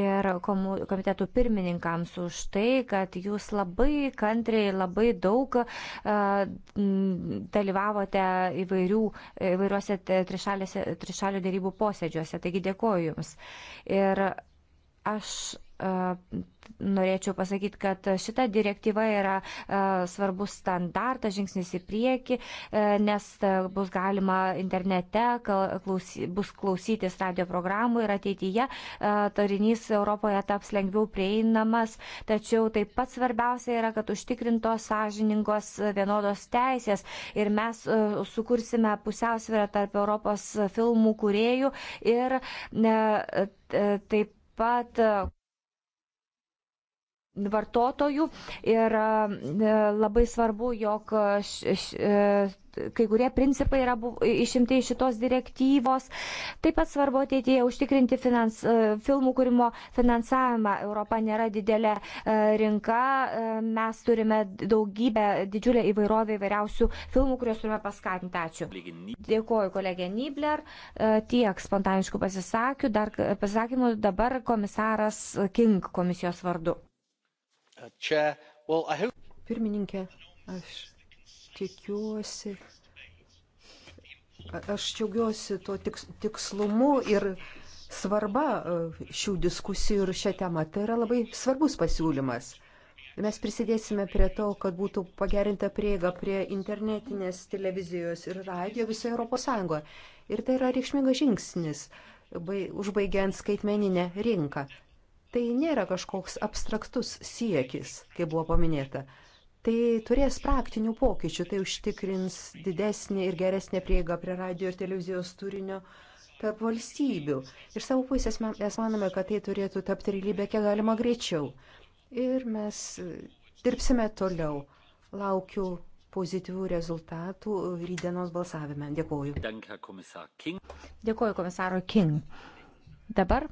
ir komitetų pirmininkams už tai, kad jūs labai kantriai, labai daug dalyvavote įvairių, įvairiuose trišalių dėrybų posėdžiuose. Taigi dėkoju Jums. Ir aš norėčiau pasakyti, kad šita direktyva yra svarbus standartas, žingsnis į priekį, nes bus galima internete, klausy, bus klausytis radio programų ir ateityje tarinys Europoje taps lengviau prieinamas, tačiau taip pat svarbiausia yra, kad užtikrintos sąžiningos vienodos teisės ir mes sukursime pusiausvyrą tarp Europos filmų kuriejų ir taip pat vartotojų ir e, labai svarbu, jog e, kai kurie principai yra išimti iš šitos direktyvos. Taip pat svarbu ateityje užtikrinti finans, e, filmų kūrimo finansavimą. Europa nėra didelė rinka, mes turime daugybę, didžiulę įvairovę įvairiausių filmų, kuriuos turime paskatinti. Ačiū. Dėkuoju kolegė Nibler, tiek spontaniškų pasisakymų, dar pasisakymų dabar komisaras King komisijos vardu. Uh, Pirmininkė, aš tikiuosi, aš džiaugiuosi tuo tikslumu ir svarba uh, šių diskusijų ir šią temą. Tai yra labai svarbus pasiūlymas. Mes prisidėsime prie to, kad būtų pagerinta prieiga prie internetinės televizijos ir radio visoje Europos Sąjungoje. Ir tai yra reikšmingas žingsnis, užbaigiant skaitmeninę rinką. Tai nėra kažkoks abstraktus siekis, kaip buvo paminėta. Tai turės praktinių pokyčių, tai užtikrins didesnį ir geresnį prieigą prie radio ir televizijos turinio tarp valstybių. Iš savo pusės mes manome, kad tai turėtų tapti realybę kiek galima greičiau. Ir mes e, dirbsime toliau. Laukiu pozityvių rezultatų rydienos balsavime. Dėkuoju. Dėkuoju komisaro King. Dabar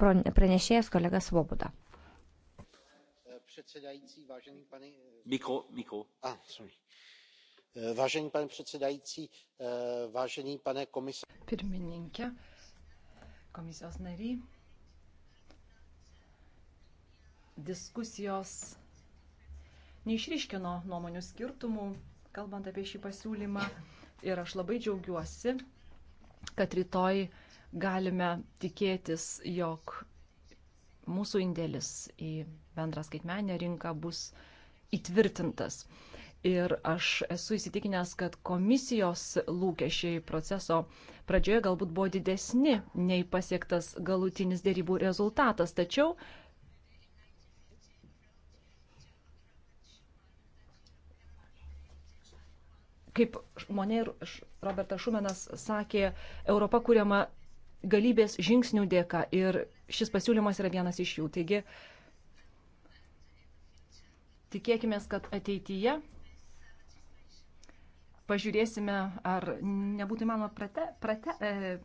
pranešėjas kolega Svoboda. Mikro, mikro. A, sorry eh, vážený pane předsedající eh, vážený pane komisaři pirmininke komisijos nary diskusijos neišryškino nuomonių skirtumų kalbant apie šį pasiūlymą ir aš labai džiaugiuosi kad rytoj galime tikėtis, jog mūsų indėlis į bendrą skaitmenę rinką bus įtvirtintas. Ir aš esu įsitikinęs, kad komisijos lūkesčiai proceso pradžioje galbūt buvo didesni nei pasiektas galutinis dėrybų rezultatas, tačiau kaip Monė ir Robertas Šumenas sakė, Europa kuriama galybės žingsnių dėka ir šis pasiūlymas yra vienas iš jų. Taigi tikėkime, kad ateityje pažiūrėsime, ar nebūtų įmanoma prate, prate, e,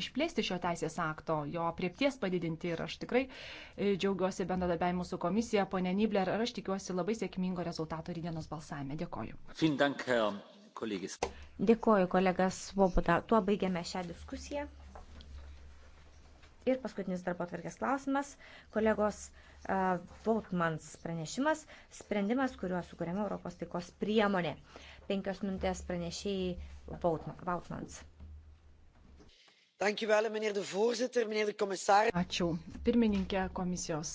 išplėsti šio teisės akto, jo priepties padidinti ir aš tikrai e, džiaugiuosi bendradarbiavimu su komisija, ponė Nibler, ir aš tikiuosi labai sėkmingo rezultato rydienos balsavime. Dėkoju. Vielen Dank, Herr kolegis. Dėkoju, kolegas Svoboda. Tuo baigiame šią diskusiją. Ir paskutinis darbo atvarkės klausimas. Kolegos uh, Vautmans pranešimas. Sprendimas, kuriuo sukūrėme Europos taikos priemonė. Penkios minutės pranešėjai Vautmans. Ačiū. Pirmininkė komisijos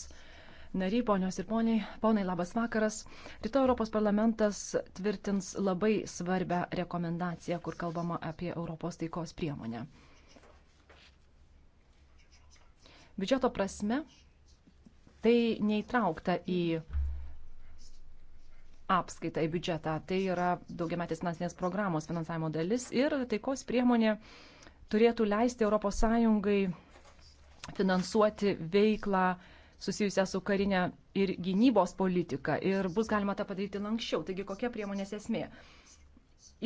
nariai, ponios ir poniai, ponai, labas vakaras. Rytoj Europos parlamentas tvirtins labai svarbę rekomendaciją, kur kalbama apie Europos taikos priemonę. Biudžeto prasme tai neįtraukta į apskaitą į biudžetą. Tai yra daugiametės finansinės programos finansavimo dalis ir taikos priemonė turėtų leisti ES finansuoti veiklą susijusią su karinė ir gynybos politika ir bus galima tą padaryti lankščiau. Taigi kokia priemonės esmė?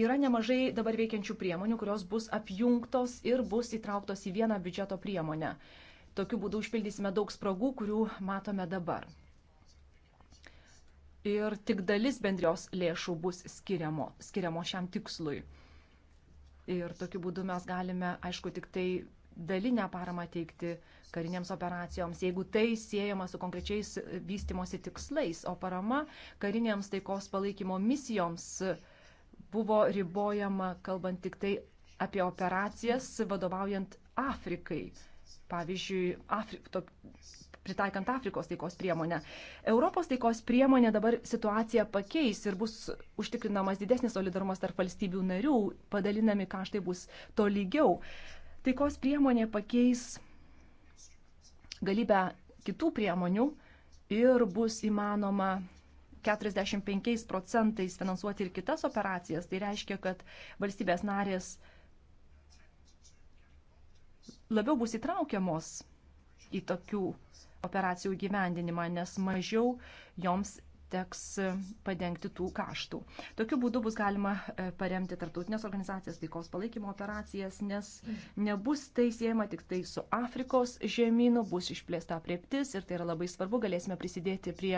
Yra nemažai dabar veikiančių priemonių, kurios bus apjungtos ir bus įtrauktos į vieną biudžeto priemonę. Tokiu būdu užpildysime daug spragų, kurių matome dabar. Ir tik dalis bendrios lėšų bus skiriamo, skiriamo šiam tikslui. Ir tokiu būdu mes galime, aišku, tik tai dalinę paramą teikti karinėms operacijoms, jeigu tai siejama su konkrečiais vystimosi tikslais, o parama karinėms taikos palaikymo misijoms buvo ribojama, kalbant tik tai apie operacijas, vadovaujant Afrikai. Pavyzdžiui, Afri to, pritaikant Afrikos taikos priemonę. Europos taikos priemonė dabar situaciją pakeis ir bus užtikrinamas didesnis solidarumas tarp valstybių narių, padalinami kaštai bus to lygiau. Taikos priemonė pakeis galybę kitų priemonių ir bus įmanoma 45 procentais finansuoti ir kitas operacijas. Tai reiškia, kad valstybės narės labiau bus įtraukiamos į tokių operacijų gyvendinimą, nes mažiau joms teks padengti tų kaštų. Tokiu būdu bus galima e, paremti tarptautinės organizacijas, taikos palaikymo operacijas, nes nebus tai siejama tik tai su Afrikos žemynu, bus išplėsta prieptis ir tai yra labai svarbu, galėsime prisidėti prie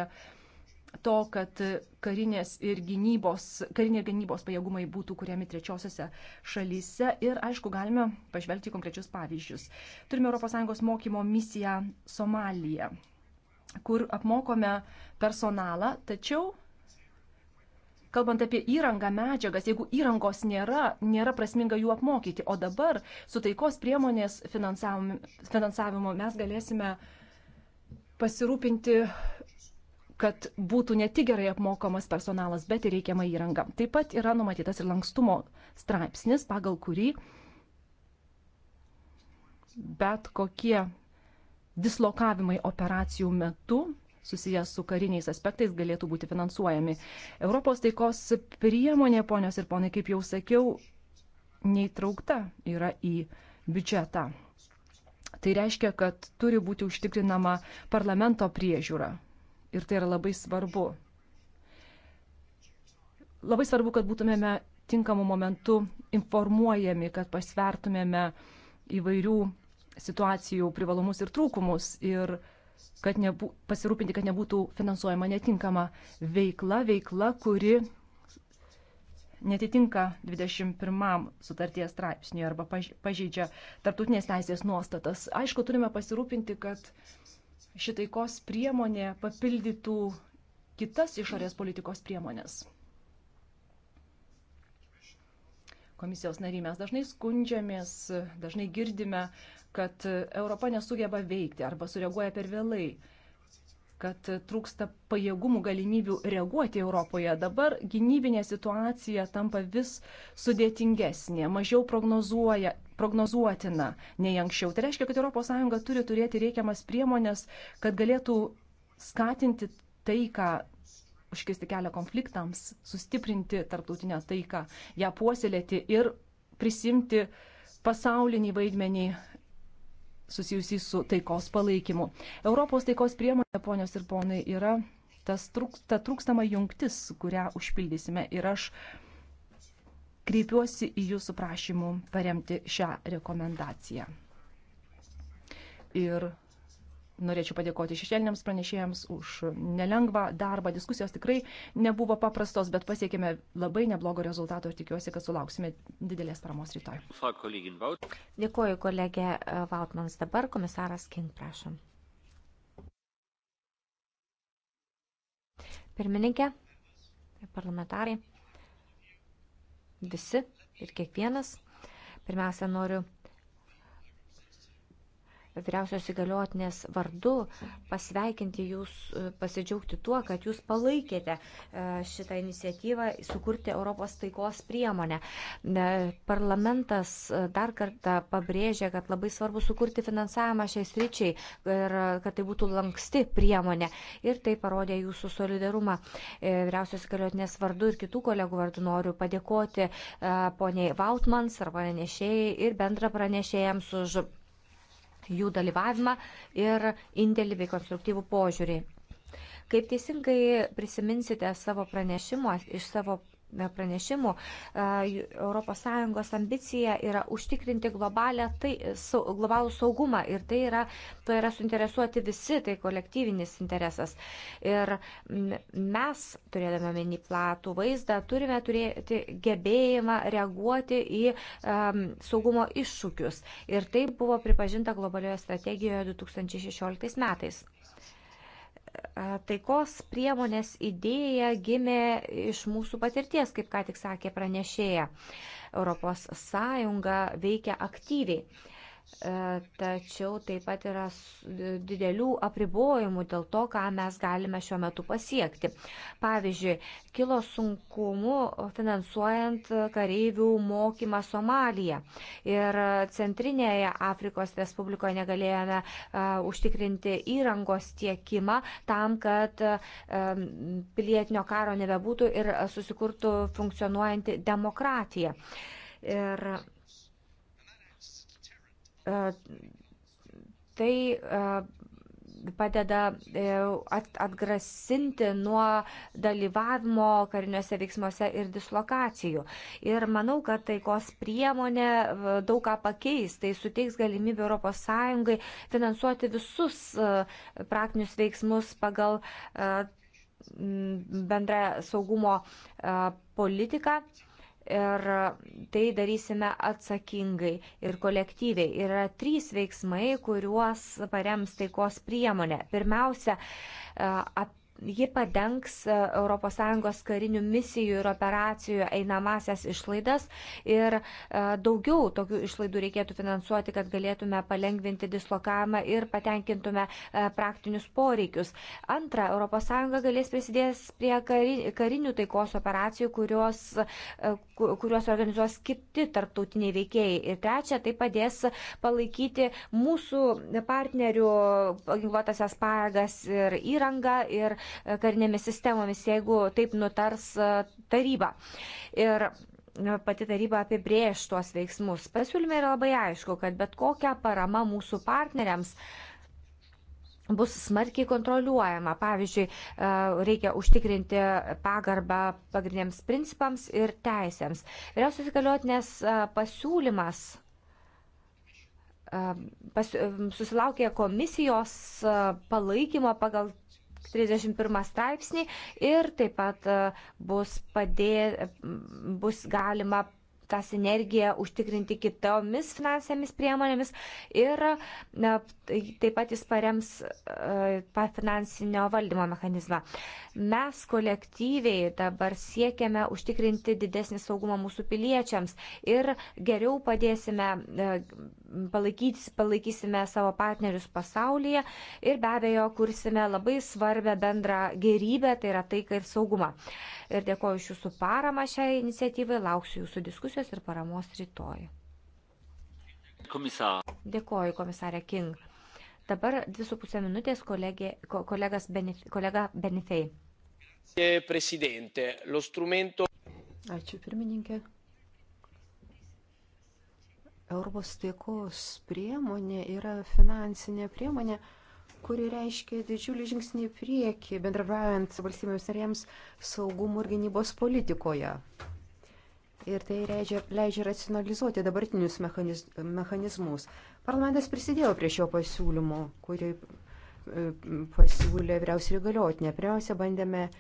to, kad karinės ir gynybos, karinė ir gynybos pajėgumai būtų kuriami trečiosiose šalyse ir, aišku, galime pažvelgti konkrečius pavyzdžius. Turime ES mokymo misiją Somalija kur apmokome personalą, tačiau, kalbant apie įrangą, medžiagas, jeigu įrangos nėra, nėra prasminga jų apmokyti. O dabar su taikos priemonės finansavimo, finansavimo mes galėsime pasirūpinti kad būtų ne tik gerai apmokamas personalas, bet ir reikiama įranga. Taip pat yra numatytas ir lankstumo straipsnis, pagal kurį bet kokie dislokavimai operacijų metu susijęs su kariniais aspektais galėtų būti finansuojami. Europos taikos priemonė, ponios ir ponai, kaip jau sakiau, neįtraukta yra į biudžetą. Tai reiškia, kad turi būti užtikrinama parlamento priežiūra. Ir tai yra labai svarbu. Labai svarbu, kad būtumėme tinkamu momentu informuojami, kad pasvertumėme įvairių situacijų privalumus ir trūkumus ir kad nebū, pasirūpinti, kad nebūtų finansuojama netinkama veikla, veikla, kuri netitinka 21 sutarties straipsniui arba pažeidžia tarptautinės teisės nuostatas. Aišku, turime pasirūpinti, kad šitaikos priemonė papildytų kitas išorės politikos priemonės. Komisijos nariai mes dažnai skundžiamės, dažnai girdime kad Europa nesugeba veikti arba sureaguoja per vėlai, kad trūksta pajėgumų galimybių reaguoti Europoje. Dabar gynybinė situacija tampa vis sudėtingesnė, mažiau prognozuotina nei anksčiau. Tai reiškia, kad ES turi turėti reikiamas priemonės, kad galėtų skatinti taiką, užkisti kelią konfliktams, sustiprinti tarptautinę taiką, ją puoselėti ir prisimti pasaulinį vaidmenį susijusį su taikos palaikymu. Europos taikos priemonė, ponios ir ponai, yra tas, ta trūkstama jungtis, kurią užpildysime. Ir aš kreipiuosi į jūsų prašymų paremti šią rekomendaciją. Ir Norėčiau padėkoti šešėliniams pranešėjams už nelengvą darbą. Diskusijos tikrai nebuvo paprastos, bet pasiekėme labai neblogo rezultato ir tikiuosi, kad sulauksime didelės paramos rytoj. Dėkuoju, kolegė Vautmans. Dabar komisaras King, prašom. Pirmininkė, parlamentarai, visi ir kiekvienas. Pirmiausia, noriu vyriausios įgaliotinės vardu pasveikinti jūs, e, pasidžiaugti tuo, kad jūs palaikėte e, šitą iniciatyvą sukurti Europos taikos priemonę. E, parlamentas dar kartą pabrėžė, kad labai svarbu sukurti finansavimą šiai sričiai ir kad tai būtų lanksti priemonė. Ir tai parodė jūsų solidarumą. Vyriausios įgaliotinės vardu ir kitų kolegų vardu noriu padėkoti poniai Vautmans arba pranešėjai ir bendra pranešėjams už jų dalyvavimą ir indėlį bei konstruktyvų požiūrį. Kaip teisingai prisiminsite savo pranešimo iš savo pranešimų, ES ambicija yra užtikrinti tai, sau, globalų saugumą ir tai yra, to yra suinteresuoti visi, tai kolektyvinis interesas. Ir mes, turėdami omeny platų vaizdą, turime turėti gebėjimą reaguoti į um, saugumo iššūkius. Ir tai buvo pripažinta globalioje strategijoje 2016 metais taikos priemonės idėja gimė iš mūsų patirties, kaip ką tik sakė pranešėja. Europos Sąjunga veikia aktyviai. E, tačiau taip pat yra didelių apribojimų dėl to, ką mes galime šiuo metu pasiekti. Pavyzdžiui, kilo sunkumų finansuojant kareivių mokymą Somalija ir Centrinėje Afrikos Respublikoje negalėjome e, užtikrinti įrangos tiekimą tam, kad e, pilietinio karo nebebūtų ir susikurtų funkcionuojanti demokratija. Ir E, tai e, padeda e, atgrasinti nuo dalyvavimo kariniuose veiksmuose ir dislokacijų. Ir manau, kad taikos priemonė daug ką pakeis, tai suteiks galimybę ES finansuoti visus praktinius veiksmus pagal bendrą saugumo politiką ir tai darysime atsakingai ir kolektyviai. Yra trys veiksmai, kuriuos parems taikos priemonė. Pirmiausia, ji padengs ES karinių misijų ir operacijų einamasias išlaidas ir e, daugiau tokių išlaidų reikėtų finansuoti, kad galėtume palengvinti dislokavimą ir patenkintume e, praktinius poreikius. Antra, ES galės prisidės prie karinių taikos operacijų, kurios, e, kurios organizuos kiti tarptautiniai veikėjai. Ir trečia, tai padės palaikyti mūsų partnerių ginkluotasias pajėgas ir įrangą ir karinėmis sistemomis, jeigu taip nutars e, taryba. Ir e, pati taryba apibrėž tuos veiksmus. Pasiūlyme yra labai aišku, kad bet kokia parama mūsų partneriams bus smarkiai kontroliuojama. Pavyzdžiui, e, reikia užtikrinti pagarbą pagrindiniams principams ir teisėms. Vyriausios įgaliotinės pasiūlymas pas, susilaukė komisijos palaikymo pagal 31 straipsnį ir taip pat e, bus, padė, bus galima tą sinergiją užtikrinti kitomis finansinėmis priemonėmis ir na, taip pat jis parems uh, finansinio valdymo mechanizmą. Mes kolektyviai dabar siekiame užtikrinti didesnį saugumą mūsų piliečiams ir geriau padėsime, e, palaikysime, palaikysime savo partnerius pasaulyje ir be abejo kursime labai svarbę bendrą gerybę, tai yra taiką ir saugumą. Uh, ir dėkoju iš jūsų paramą šiai iniciatyvai, lauksiu jūsų diskusijos ir paramos rytoj. Komisar. Dėkoju, komisarė King. Dabar 2,5 minutės kolegė, kolegas, kolega Benifei. Ačiū pirmininkė. Europos taikos priemonė yra finansinė priemonė, kuri reiškia didžiulį žingsnį į priekį, bendravaujant valstybėms narėms saugumo ir gynybos politikoje. Ir tai leidžia, leidžia racionalizuoti dabartinius mechaniz, mechanizmus. Parlamentas prisidėjo prie šio pasiūlymo, kurį e, pasiūlė vyriausiai galiotinė. Pirmiausia, bandėme e,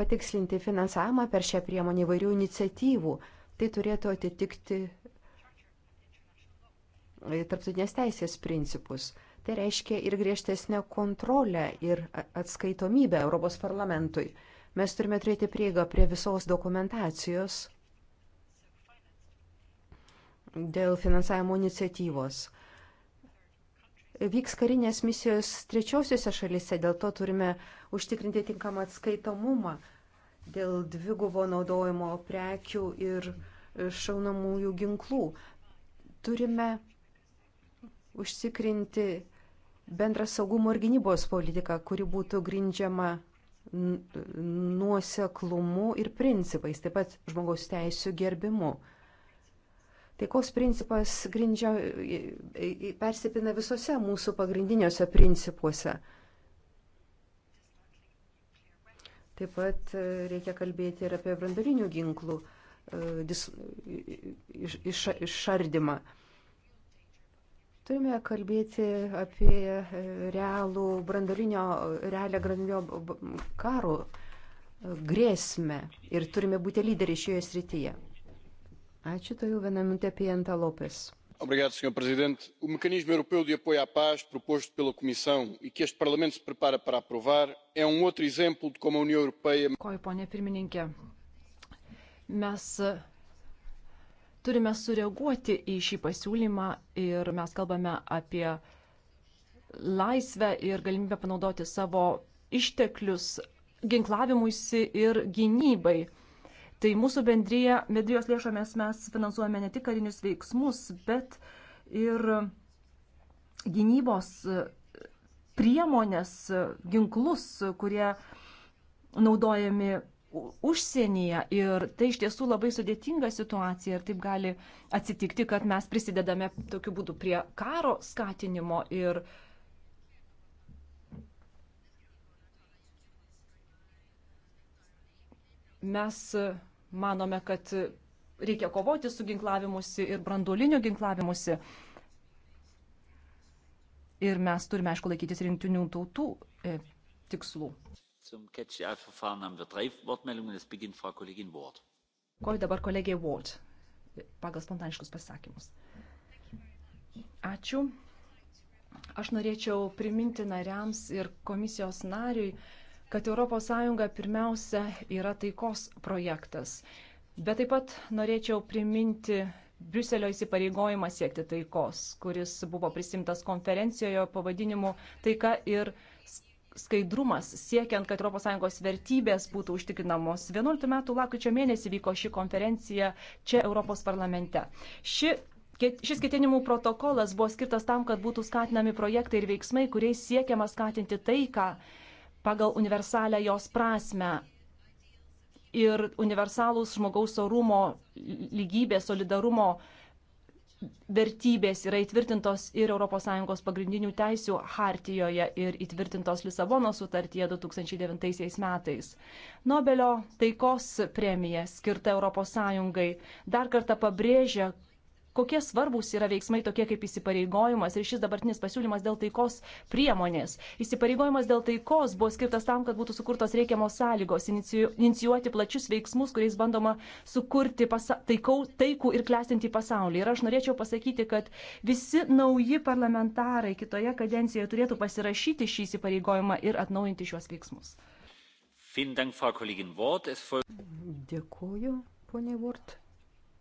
patikslinti finansavimą per šią priemonę įvairių iniciatyvų. Tai turėtų atitikti e, tarptautinės teisės principus. Tai reiškia ir griežtesnę kontrolę ir atskaitomybę Europos parlamentui. Mes turime turėti prieigą prie visos dokumentacijos dėl finansavimo iniciatyvos. Vyks karinės misijos trečiosiuose šalise, dėl to turime užtikrinti tinkamą atskaitomumą dėl dvigubo naudojimo prekių ir šaunamųjų ginklų. Turime užsikrinti bendrą saugumo ir gynybos politiką, kuri būtų grindžiama nuoseklumu ir principais, taip pat žmogaus teisų gerbimu. Taikos principas grindžia, persipina visose mūsų pagrindiniuose principuose. Taip pat e, reikia kalbėti ir apie brandalinių ginklų e, išardymą. Iš, iš, iš Turime kalbėti apie e, realų brandolinio, realią brandolinio karo e, grėsmę ir turime būti lyderiai šioje srityje. Ačiū, to jau vieną minutę apie Antą Lopes. Obrigado, Sr. Presidente. O Mecanismo Europeu de Apoio à Paz, proposto pela Comissão e que este Parlamento se prepara para aprovar, é um outro exemplo de como a União Europeia. Koi, ponė pirmininkė, mes turime sureaguoti į šį pasiūlymą ir mes kalbame apie laisvę ir galimybę panaudoti savo išteklius ginklavimuisi ir gynybai. Tai mūsų bendryje, bendrijos lėšomis mes finansuojame ne tik karinius veiksmus, bet ir gynybos priemonės, ginklus, kurie naudojami užsienyje ir tai iš tiesų labai sudėtinga situacija ir taip gali atsitikti, kad mes prisidedame tokiu būdu prie karo skatinimo ir mes manome, kad reikia kovoti su ginklavimusi ir branduoliniu ginklavimusi. Ir mes turime, aišku, laikytis rinktinių tautų e, tikslų. Zum catch the eye verfahren haben wir drei Wortmeldungen. Es beginnt Frau Kollegin Ward. Ko dabar kolegė Ward pagal spontaniškus pasakymus. Ačiū. Aš norėčiau priminti nariams ir komisijos nariui, kad ES pirmiausia yra taikos projektas. Bet taip pat norėčiau priminti Briuselio įsipareigojimą siekti taikos, kuris buvo prisimtas konferencijoje pavadinimu Taika ir taika skaidrumas, siekiant, kad ES vertybės būtų užtikrinamos. 11 metų lakryčio mėnesį vyko ši konferencija čia Europos parlamente. Ši Šis ketinimų protokolas buvo skirtas tam, kad būtų skatinami projektai ir veiksmai, kuriais siekiama skatinti taiką pagal universalią jos prasme ir universalūs žmogaus orumo, lygybės, solidarumo uh, vertybės yra įtvirtintos ir ES pagrindinių teisių hartijoje ir įtvirtintos Lisabonos sutartyje 2009 metais. Nobelio taikos premija skirta ES dar kartą pabrėžia, kokie svarbūs yra veiksmai tokie kaip įsipareigojimas ir šis dabartinis pasiūlymas dėl taikos priemonės. Įsipareigojimas dėl taikos buvo skirtas tam, kad būtų sukurtos reikiamos sąlygos inicijuoti plačius veiksmus, kuriais bandoma sukurti taikau, taikų ir klestinti pasaulį. Ir aš norėčiau pasakyti, kad visi nauji parlamentarai kitoje kadencijoje turėtų pasirašyti šį įsipareigojimą ir atnaujinti šiuos veiksmus. Dėkuoju, ponė Vort.